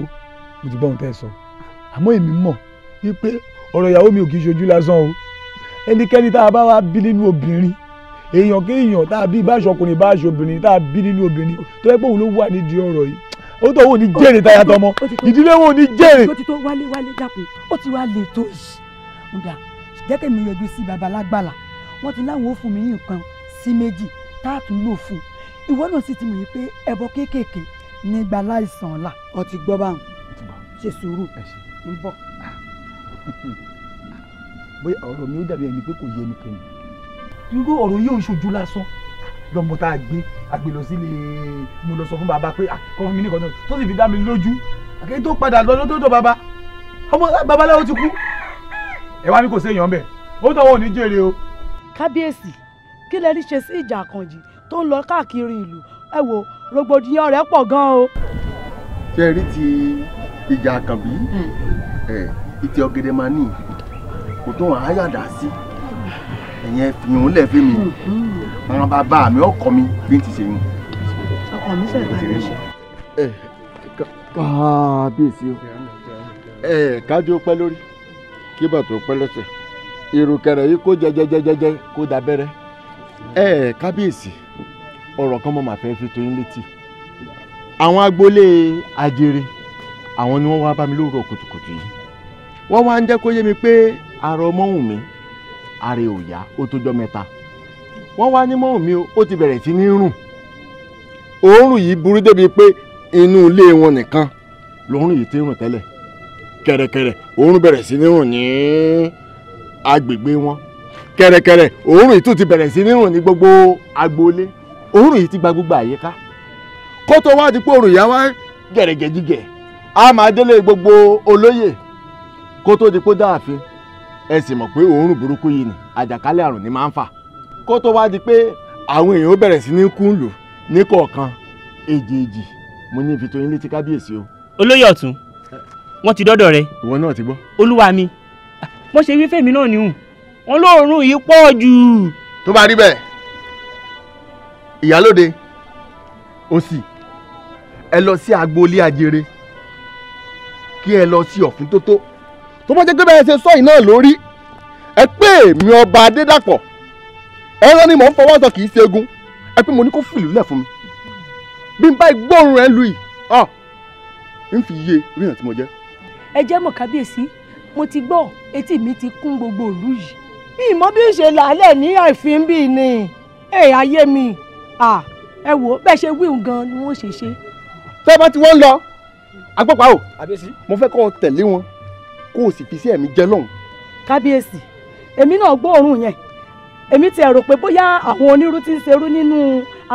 mo ti gbọ́ ohun tẹ́ ẹ sọ àmọ́ èmi mọ̀ wípé ọ̀rọ̀ ìyàwó mi ò kì í ṣojú lásán o ẹnikẹ́ni tá a bá wá bí nínú obìnrin èèyàn kí èèyàn tá a bí bá aṣọkùnrin bá aṣọbìnrin tá a bí nínú obìnrin tó yẹ pé òun ló wà nídìí ọ̀rọ̀ yìí ó tó wò ní jèrè táyà tọmọ ìdílé wò ní jèrè. ó ti tó wálé wálé dàpọ̀ ó ti wá lè tó yìí kódà jẹ́kẹ̀ mi yọjú sí babalágbàlà wọ́n ti láwọn ó fún mi ní nǹkan sí méjì tá a tún lò fún ìwọ náà sì ti mọ̀ pé ẹbọ kéékèèké nígbà láìsàn ọ̀la ó ti gbọ́ báwọn ṣe sùúrù ń bọ̀ bóyá ọ̀rọ̀ mi ó dàbí ẹni pé kò yé ẹnikẹ́ni irú ọ̀rọ̀ yìí ò ń ṣojú lásán lọ́mọ tá a gbé àgbè lọ sílé mo lọ sọ fún bàbá pé kọ́ fún mi nìkan náà tó sì fi dá mi lójú àkéyí tó padà lọ lọ́dọ̀ bàbá ọmọ babaláwo ti kú ẹ wá ní kò séèyàn bẹ́ẹ̀ ó tọ́wọ́ ò ní jèrè o. kábíyèsí kí lẹ rí ṣe sí ìjà àkànjì tó ń lọ káàkiri ìlú ẹ wo rògbòdìyàn rẹ̀ pọ̀ gan o. ṣe rí ti ìjà àkànbí hmm. ìtì ọ̀gẹ̀dẹ̀ máa ní kò tó hàn áyàdá sí ẹ̀yẹn fìhàn lẹ́fẹ̀ẹ́ mi hmm. àwọn bàbá mi ọkọ mi bí n ti ṣe yun. ọkọ mi sọ̀rọ̀ bá mi. ẹ kábíyèsí o ẹ kájọ pẹ́ lórí kí bàtò pẹ́ lẹ́sẹ̀ ìrùkẹ̀rẹ̀ yìí kó jẹjẹjẹjẹjẹ kó dábẹ́rẹ́ ẹ kábíyèsí ọ̀rọ̀ kan mo máa fẹ́ fi tó yín létí àwọn agboolé ajere àwọn ni wọ́n wá bá mi lóòrọ̀ kùtùkùtù yìí wọ́n wá ń jẹ́ kó yé mi pé ara ọmọ wù mí ara ò yá ó tó jọ mẹ́ta wọ́n wá ní mọ́hùn mi ó ti bẹ̀rẹ̀ sí ní rùn òórùn yìí burú débi pé inú ilé wọn nìkan lòórùn yìí ti rùn tẹ́lẹ̀ kẹ̀rẹ̀kẹ̀rẹ̀ òórùn bẹ̀rẹ̀ sí ní rùn ní agbègbè wọn kẹ̀rẹ̀kẹ̀rẹ̀ òórùn yìí tún ti bẹ̀rẹ̀ sí ní rùn ní gbogbo agboolé òórùn yìí ti gba gbogbo àyíká kó wá di pé òórùn yìí á wá a máa délé gbogbo olóyè kó tó di pé dáàfin ẹ sì mọ̀ pé òórùn burúkú yìí ni àjàkálẹ̀ àrùn ni máa ń fà kó tó wá di pé àwọn èèyàn bẹ̀rẹ̀ sí ní kúńlù ní kọ̀ọ̀kan èjì èjì mo ní ìfitò yín létí kábíyèsí o. olóyè ọ̀tún wọ́n ti dọ́dọ̀ rẹ. ìwọ náà ti gbọ́. olúwa mi mo ṣe wífẹ́ mi náà ni hùn wọn lóòórùn yìí pọ̀ jù. tó bá rí bẹ́ẹ̀ ìyálóde ó sì ẹ lọ sí agboolé ajere kí ẹ lọ sí ọ̀fun tótó tó bá jẹ́ pé bẹ́ẹ̀ ṣe sọ yìí náà lórí ẹ pé mi ọba adédàpọ̀ ẹ rán ni mò ń fọwọ́ sọ kì í ṣeegun ẹ pé mo ní kó fìlú lẹ̀ fún mi bí n bá gbóòórùn ẹ lu yìí ọ n fi yé ríran tí mo jẹ. ẹ jẹ́ mọ̀ kábíyèsí mo ti gbọ́ etí mi ti kún gbogbo ìlú yìí. bí ìmọ̀ bí ṣe làálẹ̀ ní àìfín bíi ni ẹ ayé mi ẹ wò bẹ́ẹ̀ ṣe wíwù gan ni wọ́n ṣe ṣe. tẹ́ bá ti wọ́n lọ agbọ́pá o. kábíyèsí. mo fẹ́ kọ́ tẹ̀lé wọn kó o sì fi sí ẹ̀mí jẹ́ lọ́hùn. kábíyèsí èmi náà gbọ́ òórùn yẹn èmi ti rò pé bóyá àwọn onírú ti ń ṣerú nínú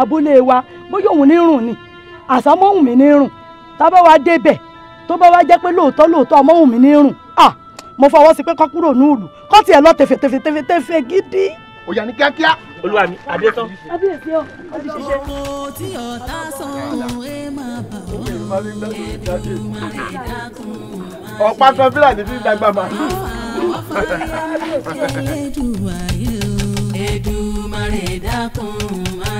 abúlé wa bóyá òun ní rùn ni àsámọ́hùn mi ní rùn tábà wá débẹ̀ tó bá wá jẹ́ pé lóòótọ́ lóòótọ́ ọmọ́hùn mi ní rùn à mo fọwọ́ sí pé kọ́ kúrò ní ìlú kọ́ tiẹ̀ lọ tẹ̀fẹ̀tẹ̀fẹ̀tẹ̀fẹ̀ gidi. ó yá ní kíákíá olúwa mi adé tán. abiyèsí o ti ṣiṣẹ́. owó tí ẹ máa bà wọ́n ẹ̀dùn máa lè dákun. ọ̀pá kan fílàní fi dàgbà máa. àwọn afárá ẹlẹ́dùn àyè o ẹ̀dùn máa lè dákun máa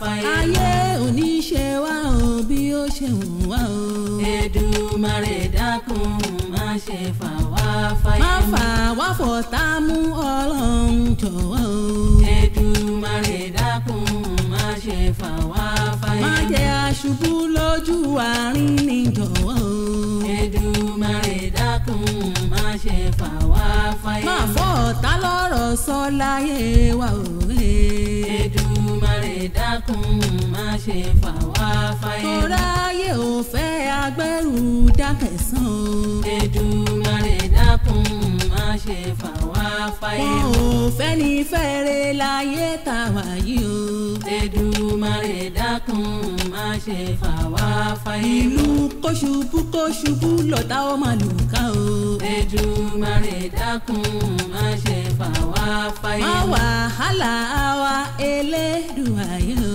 fàyè. ayé òní ṣe wá o bí ó ṣe wù wá o. Èdùmàrè dákun má ṣe fà wá fàyè. má fà wá fọ̀tá mú ọlọ́run jọ̀wọ́ o. Èdùmàrè dákun ṣe fà wá fàyè. má jẹ́ aṣubú lójú àárín ní jọ̀wọ́. Èdùmàrè dákun má ṣe fà wá fàyè. má fọ́ ọ̀tá lọ́rọ̀ sọ láyé wa òwe. Èdùmàrè dákun má ṣe fà wá fàyè. tó ráyè ò fẹ́ agbẹ́rù dákẹ̀sán. Èdùmàrè dákun má ṣe fà wá fáyé wọn ò fẹ́ni fẹ́re láyé tá a wà yìí o. Èdùmàrè dákun má ṣe fà wá fáyé ìlú kó ṣubú lọ́tà ó máa lù ká o. Èdùmàrè dákun má ṣe fà wá fáyé má wàhálà wa Elédùà yìí o.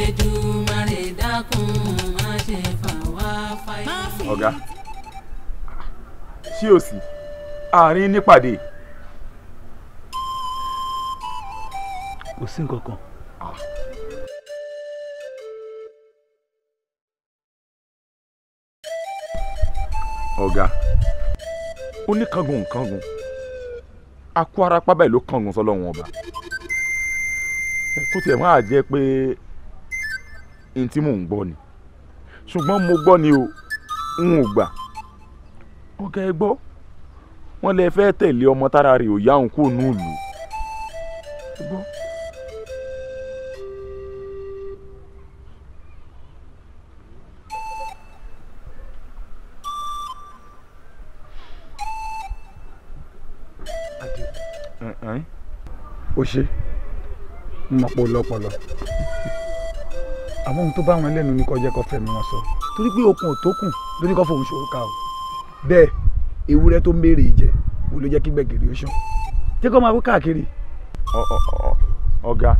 Èdùmàrè dákun má ṣe fà wá fáyé mọ́. ọ̀gá ṣí òsì. àárín nípàdé. kò sí nǹkan kan. ọ̀gá ó ní kángun kángun akú arapa báyìí ló kángun sọlọ́run ọba kó tiẹ̀ jẹ́ pé n tí mò ń gbọ́ ni ṣùgbọ́n mo gbọ́ ni o n ò gbà ọ̀gá ẹ gbọ́. Okay, wọ́n lè fẹ́ tẹ̀lé ọmọ tára rẹ̀ ò yá òun kúrò nílùú. ó ṣe mọ̀ pọ̀ lọ́pọ̀lọ́ àwọn ohun tó bá wọn lẹ́nu ní kọjá kọfẹ́ mi wọn sọ torí pé okun ò tó kùn lóníkọ́fọ̀ òun ṣòro ká o bẹ́ẹ̀ ewúrẹ́ tó ń béèrè ìjẹ wo ló jẹ́ kí gbẹ̀gìrì ó ṣàn jẹ́ kó máa wí káàkiri. ọ̀gá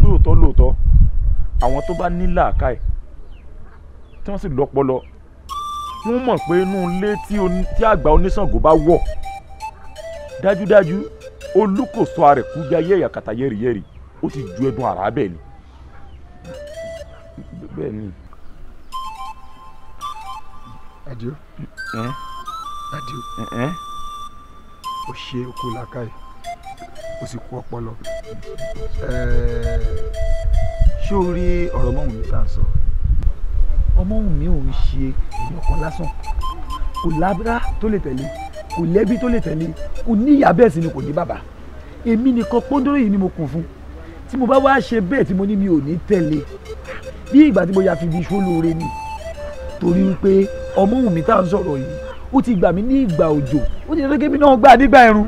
lóòótọ́ lóòótọ́ àwọn tó bá ní làákàyè tí wọ́n sì lọ́pọlọ wọ́n mọ̀ pé inú ilé tí àgbà oníṣàngó bá wọ̀ dájúdájú olùkóso ààrẹ kú bí ayé ìyàkàtà yẹ́rìyẹ́rì ó ti ju ẹdun àrà bẹ́ẹ̀ ni. bẹ́ẹ̀ ni. adio. Eh? Tádéo ó ṣe okun làákàyè ó sì kú ọpọlọ ṣé o rí ọ̀rọ̀ Ọmọ́wùmí tá à ń sọ Ọmọ́wùmí ò ń ṣe èèyàn kan lásán kò lábúrá tó lè tẹ̀lé kò lẹ́bí tó lè tẹ̀lé kò ní ìyá bẹ́ẹ̀ sì ni kò ní bàbá èmi nìkan pọ́ńdọ́rọ́ yìí ni mo kùn fún tí mo bá wá ṣe bẹ́ẹ̀ tí mo ní mi ò ní tẹ̀lé bí ìgbà tí mo ya fi ibi iṣó lóore ni torí pé Ọmọ́wùmí tá à sọ̀rọ̀ yìí ó ti gbà mí ní ìgbà òjò ó ti dẹ́gẹ́ mi náà gbà nígbà ẹ̀rùn.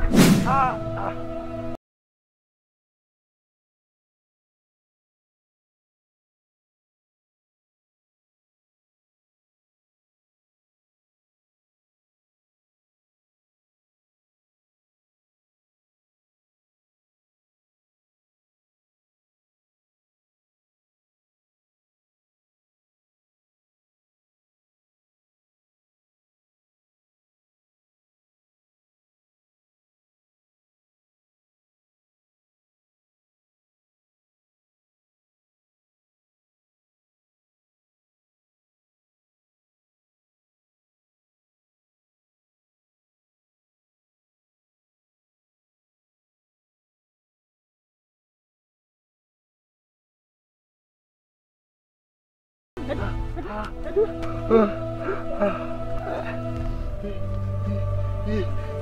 ejò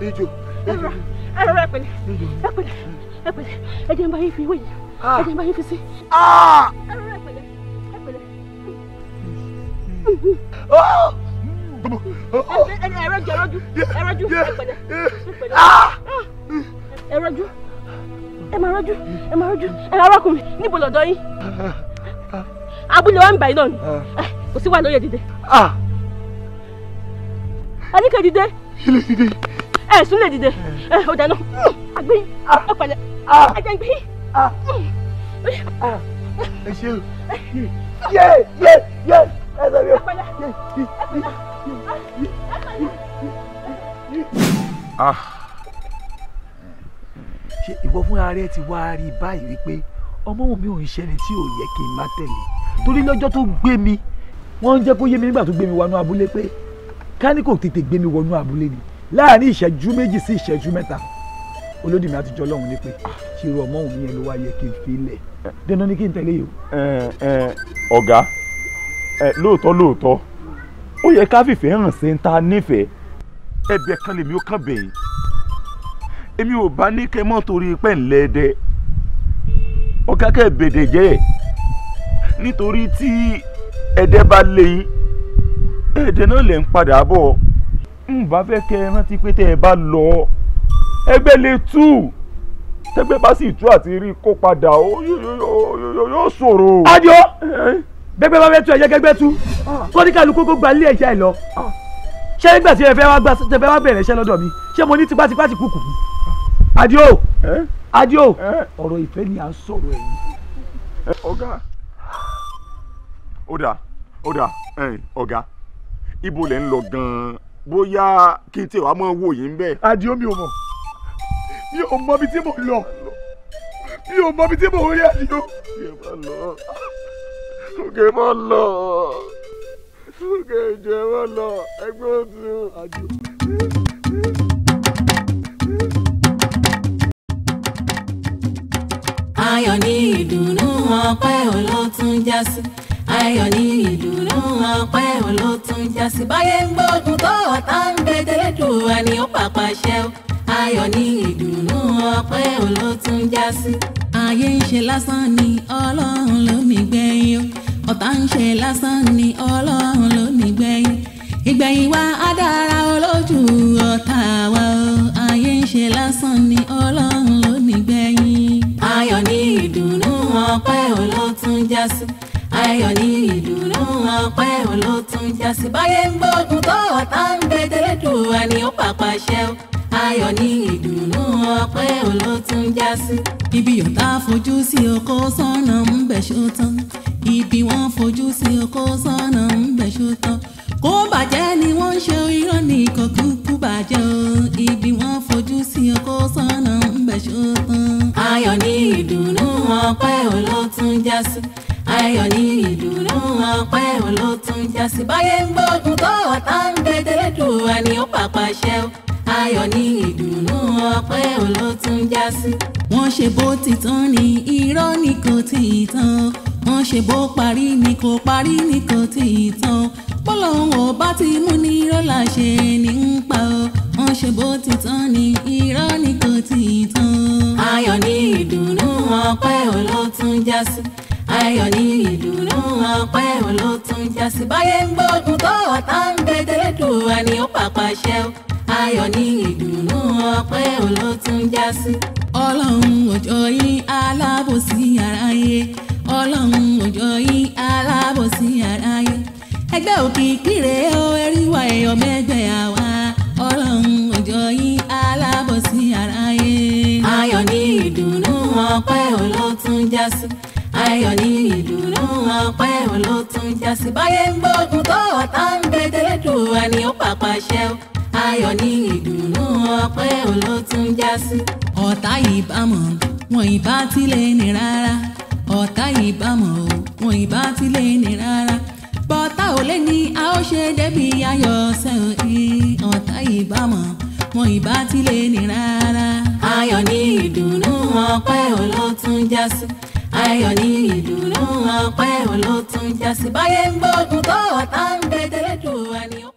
ejò ẹ rọra ẹ pẹ̀lẹ́ ẹ pẹ̀lẹ́ ẹ pẹ̀lẹ́ ẹ jẹ́ n bá yín fi wéyìí ah. ẹ jẹ́ n bá yín fi sí. Ah. Oh. ẹ rọra ẹ pẹ̀lẹ́ ah. ẹ pẹ̀lẹ́ ẹrọjú ẹrọjú ẹrọjú ẹpẹ̀lẹ́ ẹrọjú ẹ máa rọjú ẹ máa rọjú ẹ lọ arákùnrin níbo lọ́dọ̀ yín abúlé wa ń bàyí náà ni ah. eh, kò sí wà lóye dìde. ẹni ah. kẹ́ dìde. ilé dìde. ẹ eh, sún lè dìde ẹ eh. ò dáná ah. àgbẹ̀yìn ẹ pẹ̀lẹ́ ẹ jẹ́ gbẹ̀yìn. ẹ ṣe o yé yé yé ẹ sọ mi o. ṣé ìwọ fúnra rẹ ti wá rí báyìí wípé ọmọ mi ò ń ṣẹni tí ò yẹ kí n má tẹ̀lé torí lọ́jọ́ tó gbé mi wọ́n ń jẹ́ kó yé mi nígbà tó gbé mi wọnú abúlé pé káníkò tètè gbé mi wọnú abúlé ni láàárín ìṣẹ́jú méjì sí ìṣẹ́jú mẹ́ta olódì mi àtijọ́ lọ́hùn ni pé ah, ṣírò ọmọ òun yẹn ló wá yẹ kí n fi lẹ̀ dandan ni kí n tẹ̀lé yìí o. ọ̀gá lóòótọ́ lóòótọ́ ó yẹ ká fìfẹ́ hàn sí ń ta nífẹ̀ẹ́ ẹ̀bẹ̀ kan lèmi ó kàn bẹ̀yìn èmi ò bá ní kẹ́ mọ́ torí pẹ́ńlẹ́ẹ̀dẹ́ ọ̀gá kẹ́ bèdè jẹ́ ẹ̀ nítorí tí ẹ̀dẹ̀ bá lé yín ẹ̀dẹ̀ náà lè ń padà bọ̀ n bá fẹ́ kẹ́ ẹ rántí pé tẹ́ ẹ bá lọ ẹgbẹ́ lè tú tẹ́gbẹ́ bá sì tú àti rí kó padà yóò ṣòro. adio gbẹgbẹ bá fẹ́ tú ẹ̀jẹ̀ gbẹgbẹ tú kó ah. ní kálukú kó gba ilé ẹ̀jẹ̀ ẹ̀ lọ ah. ṣé nígbà tí ẹ fẹ́ wá gbà tẹ fẹ́ wá bẹ̀rẹ̀ iṣẹ́ lọ́dọ̀ mi ṣé mo ní tipátipá ti kúkú. Ah. adio adio ọ̀rọ̀ ìfẹ́ ni à ń sọ̀rọ̀ ẹ̀yìn. ọ̀gá ó dà ó dà ọ̀gá ibo lẹ̀ ń lọ gan bóyá kí n tiẹ̀ wá mọ́ wò yín bẹ́ẹ̀. àdìo mi ò mọ̀ mi ò mọ ibi tí mò lọ mi ò mọ ibi tí mò rí àdìo. kí ẹ lọ kí ẹ lọ kí ẹ ẹ má lọ ẹgbẹ́ òtún àdìo. ayọ̀ ní ìdùnnú ọpẹ́ olótún jásí ayọ̀ ní ìdùnnú ọpẹ́ olótún jásí báyé ń gbógun tó ọ̀tá ń gbẹdẹ́dùn wa ni ó pàpà ṣẹ́ o ayọ̀ ní ìdùnnú ọpẹ́ olótún jásí. ayé ń ṣe lásán ni ọlọ́run ló mi gbẹ̀yìn o ọ̀tá ń ṣe lásán ni ọlọ́run ló mi gbẹ̀yìn ìgbẹ̀yìn wa á olójú ọ̀tá wa o ayé ń ṣe lásán ni ọlọ́run ló mi gbẹ̀yìn. ayọ̀ ní ìdùnnú ọpẹ́ olótún jásí ayọ̀ ní ìdùnnú ọpẹ́ olótún jásí báyé ń gbógun tó ọ̀tá ń bẹ tẹ́lẹ̀dùn àní ó pàpà ṣẹ́ o ayọ̀ ní ìdùnnú ọpẹ́ olótún jásí. ibi ọ̀tá fojú sí oko sọ́nà ń bẹ̀ ṣó ibi wọ́n fojú sí oko sọ́nà ń bẹ̀ ṣó tán kó bàjẹ́ ni wọ́n ń ṣe irọ́ ní ikọ̀ kúkú bàjẹ́ o ibi wọ́n fojú sí oko sọ́nà ń bẹ̀ ṣó ayọ̀ ní ìdùnnú ọpẹ́ olótún jásí ayọ̀ ní ìdùnnú ọpẹ́ olótún jásí báyé ń gbógun tó ọ̀tá ń gbé dédùn wa ni ó pàpà ṣẹ́ o ayọ̀ ní ìdùnnú ọpẹ́ olótún jásí. wọ́n ṣe bó ti tán ni irọ́ ni kò tí ì tán wọ́n ṣe bó parí ni kò parí ni kò tí ì tán bọ́lọ́hún ò bá ti mú ní irọ́ là ṣe ní ń pa ọ́ wọ́n ṣe bó ti ni irọ́ ni kò tí ì tán. ayọ̀ ní ìdùnnú ọpẹ́ olótún jásí ayọ̀ ní ìdùnnú ọpẹ́ olótún jásí báyé ń gbógun tó ọ̀tá ń gbẹdẹ́dù àní ó pàpà ṣẹ́ o ayọ̀ ní ìdùnnú ọpẹ́ olótún jásí. ọlọ́run òjò yín alábòsí aráyé ọlọ́run òjò yín alábòsí aráyé ẹgbẹ́ òkìkí rèé o ẹríwá ẹ̀yọ́ mẹ́gbẹ́ àwa ọlọ́run òjò yín alábòsí aráyé. ayọ̀ ní ìdùnnú ọpẹ́ olótún jásí ayọ̀ ní ìdùnnú ọpẹ́ olótún jásí báyé ń gbógun tó ọ̀tá ń gbé délẹ́dùn wa ni ó pàpà ṣẹ́ o ayọ̀ ní ìdùnnú ọpẹ́ olótún jásí. ọ̀tá ìbámọ̀ wọn ìbá tilẹ̀ ní rárá ọ̀tá ìbámọ̀ wọn ìbá tilẹ̀ ní rárá bọ́tá ò lé ní a ó ṣe débi ayọ̀ sẹ́yìn ọ̀tá ìbámọ̀ wọn ìbá tilẹ̀ ní rárá. ayọ̀ ní ìdùnnú ọpẹ́ olótún jásí ayọ̀ ní ìdùnnú ọpẹ́ olótún jásí báyé ń gbógun tó ọ̀tá ń bẹ tẹ́lẹ̀dùn wa ni ó.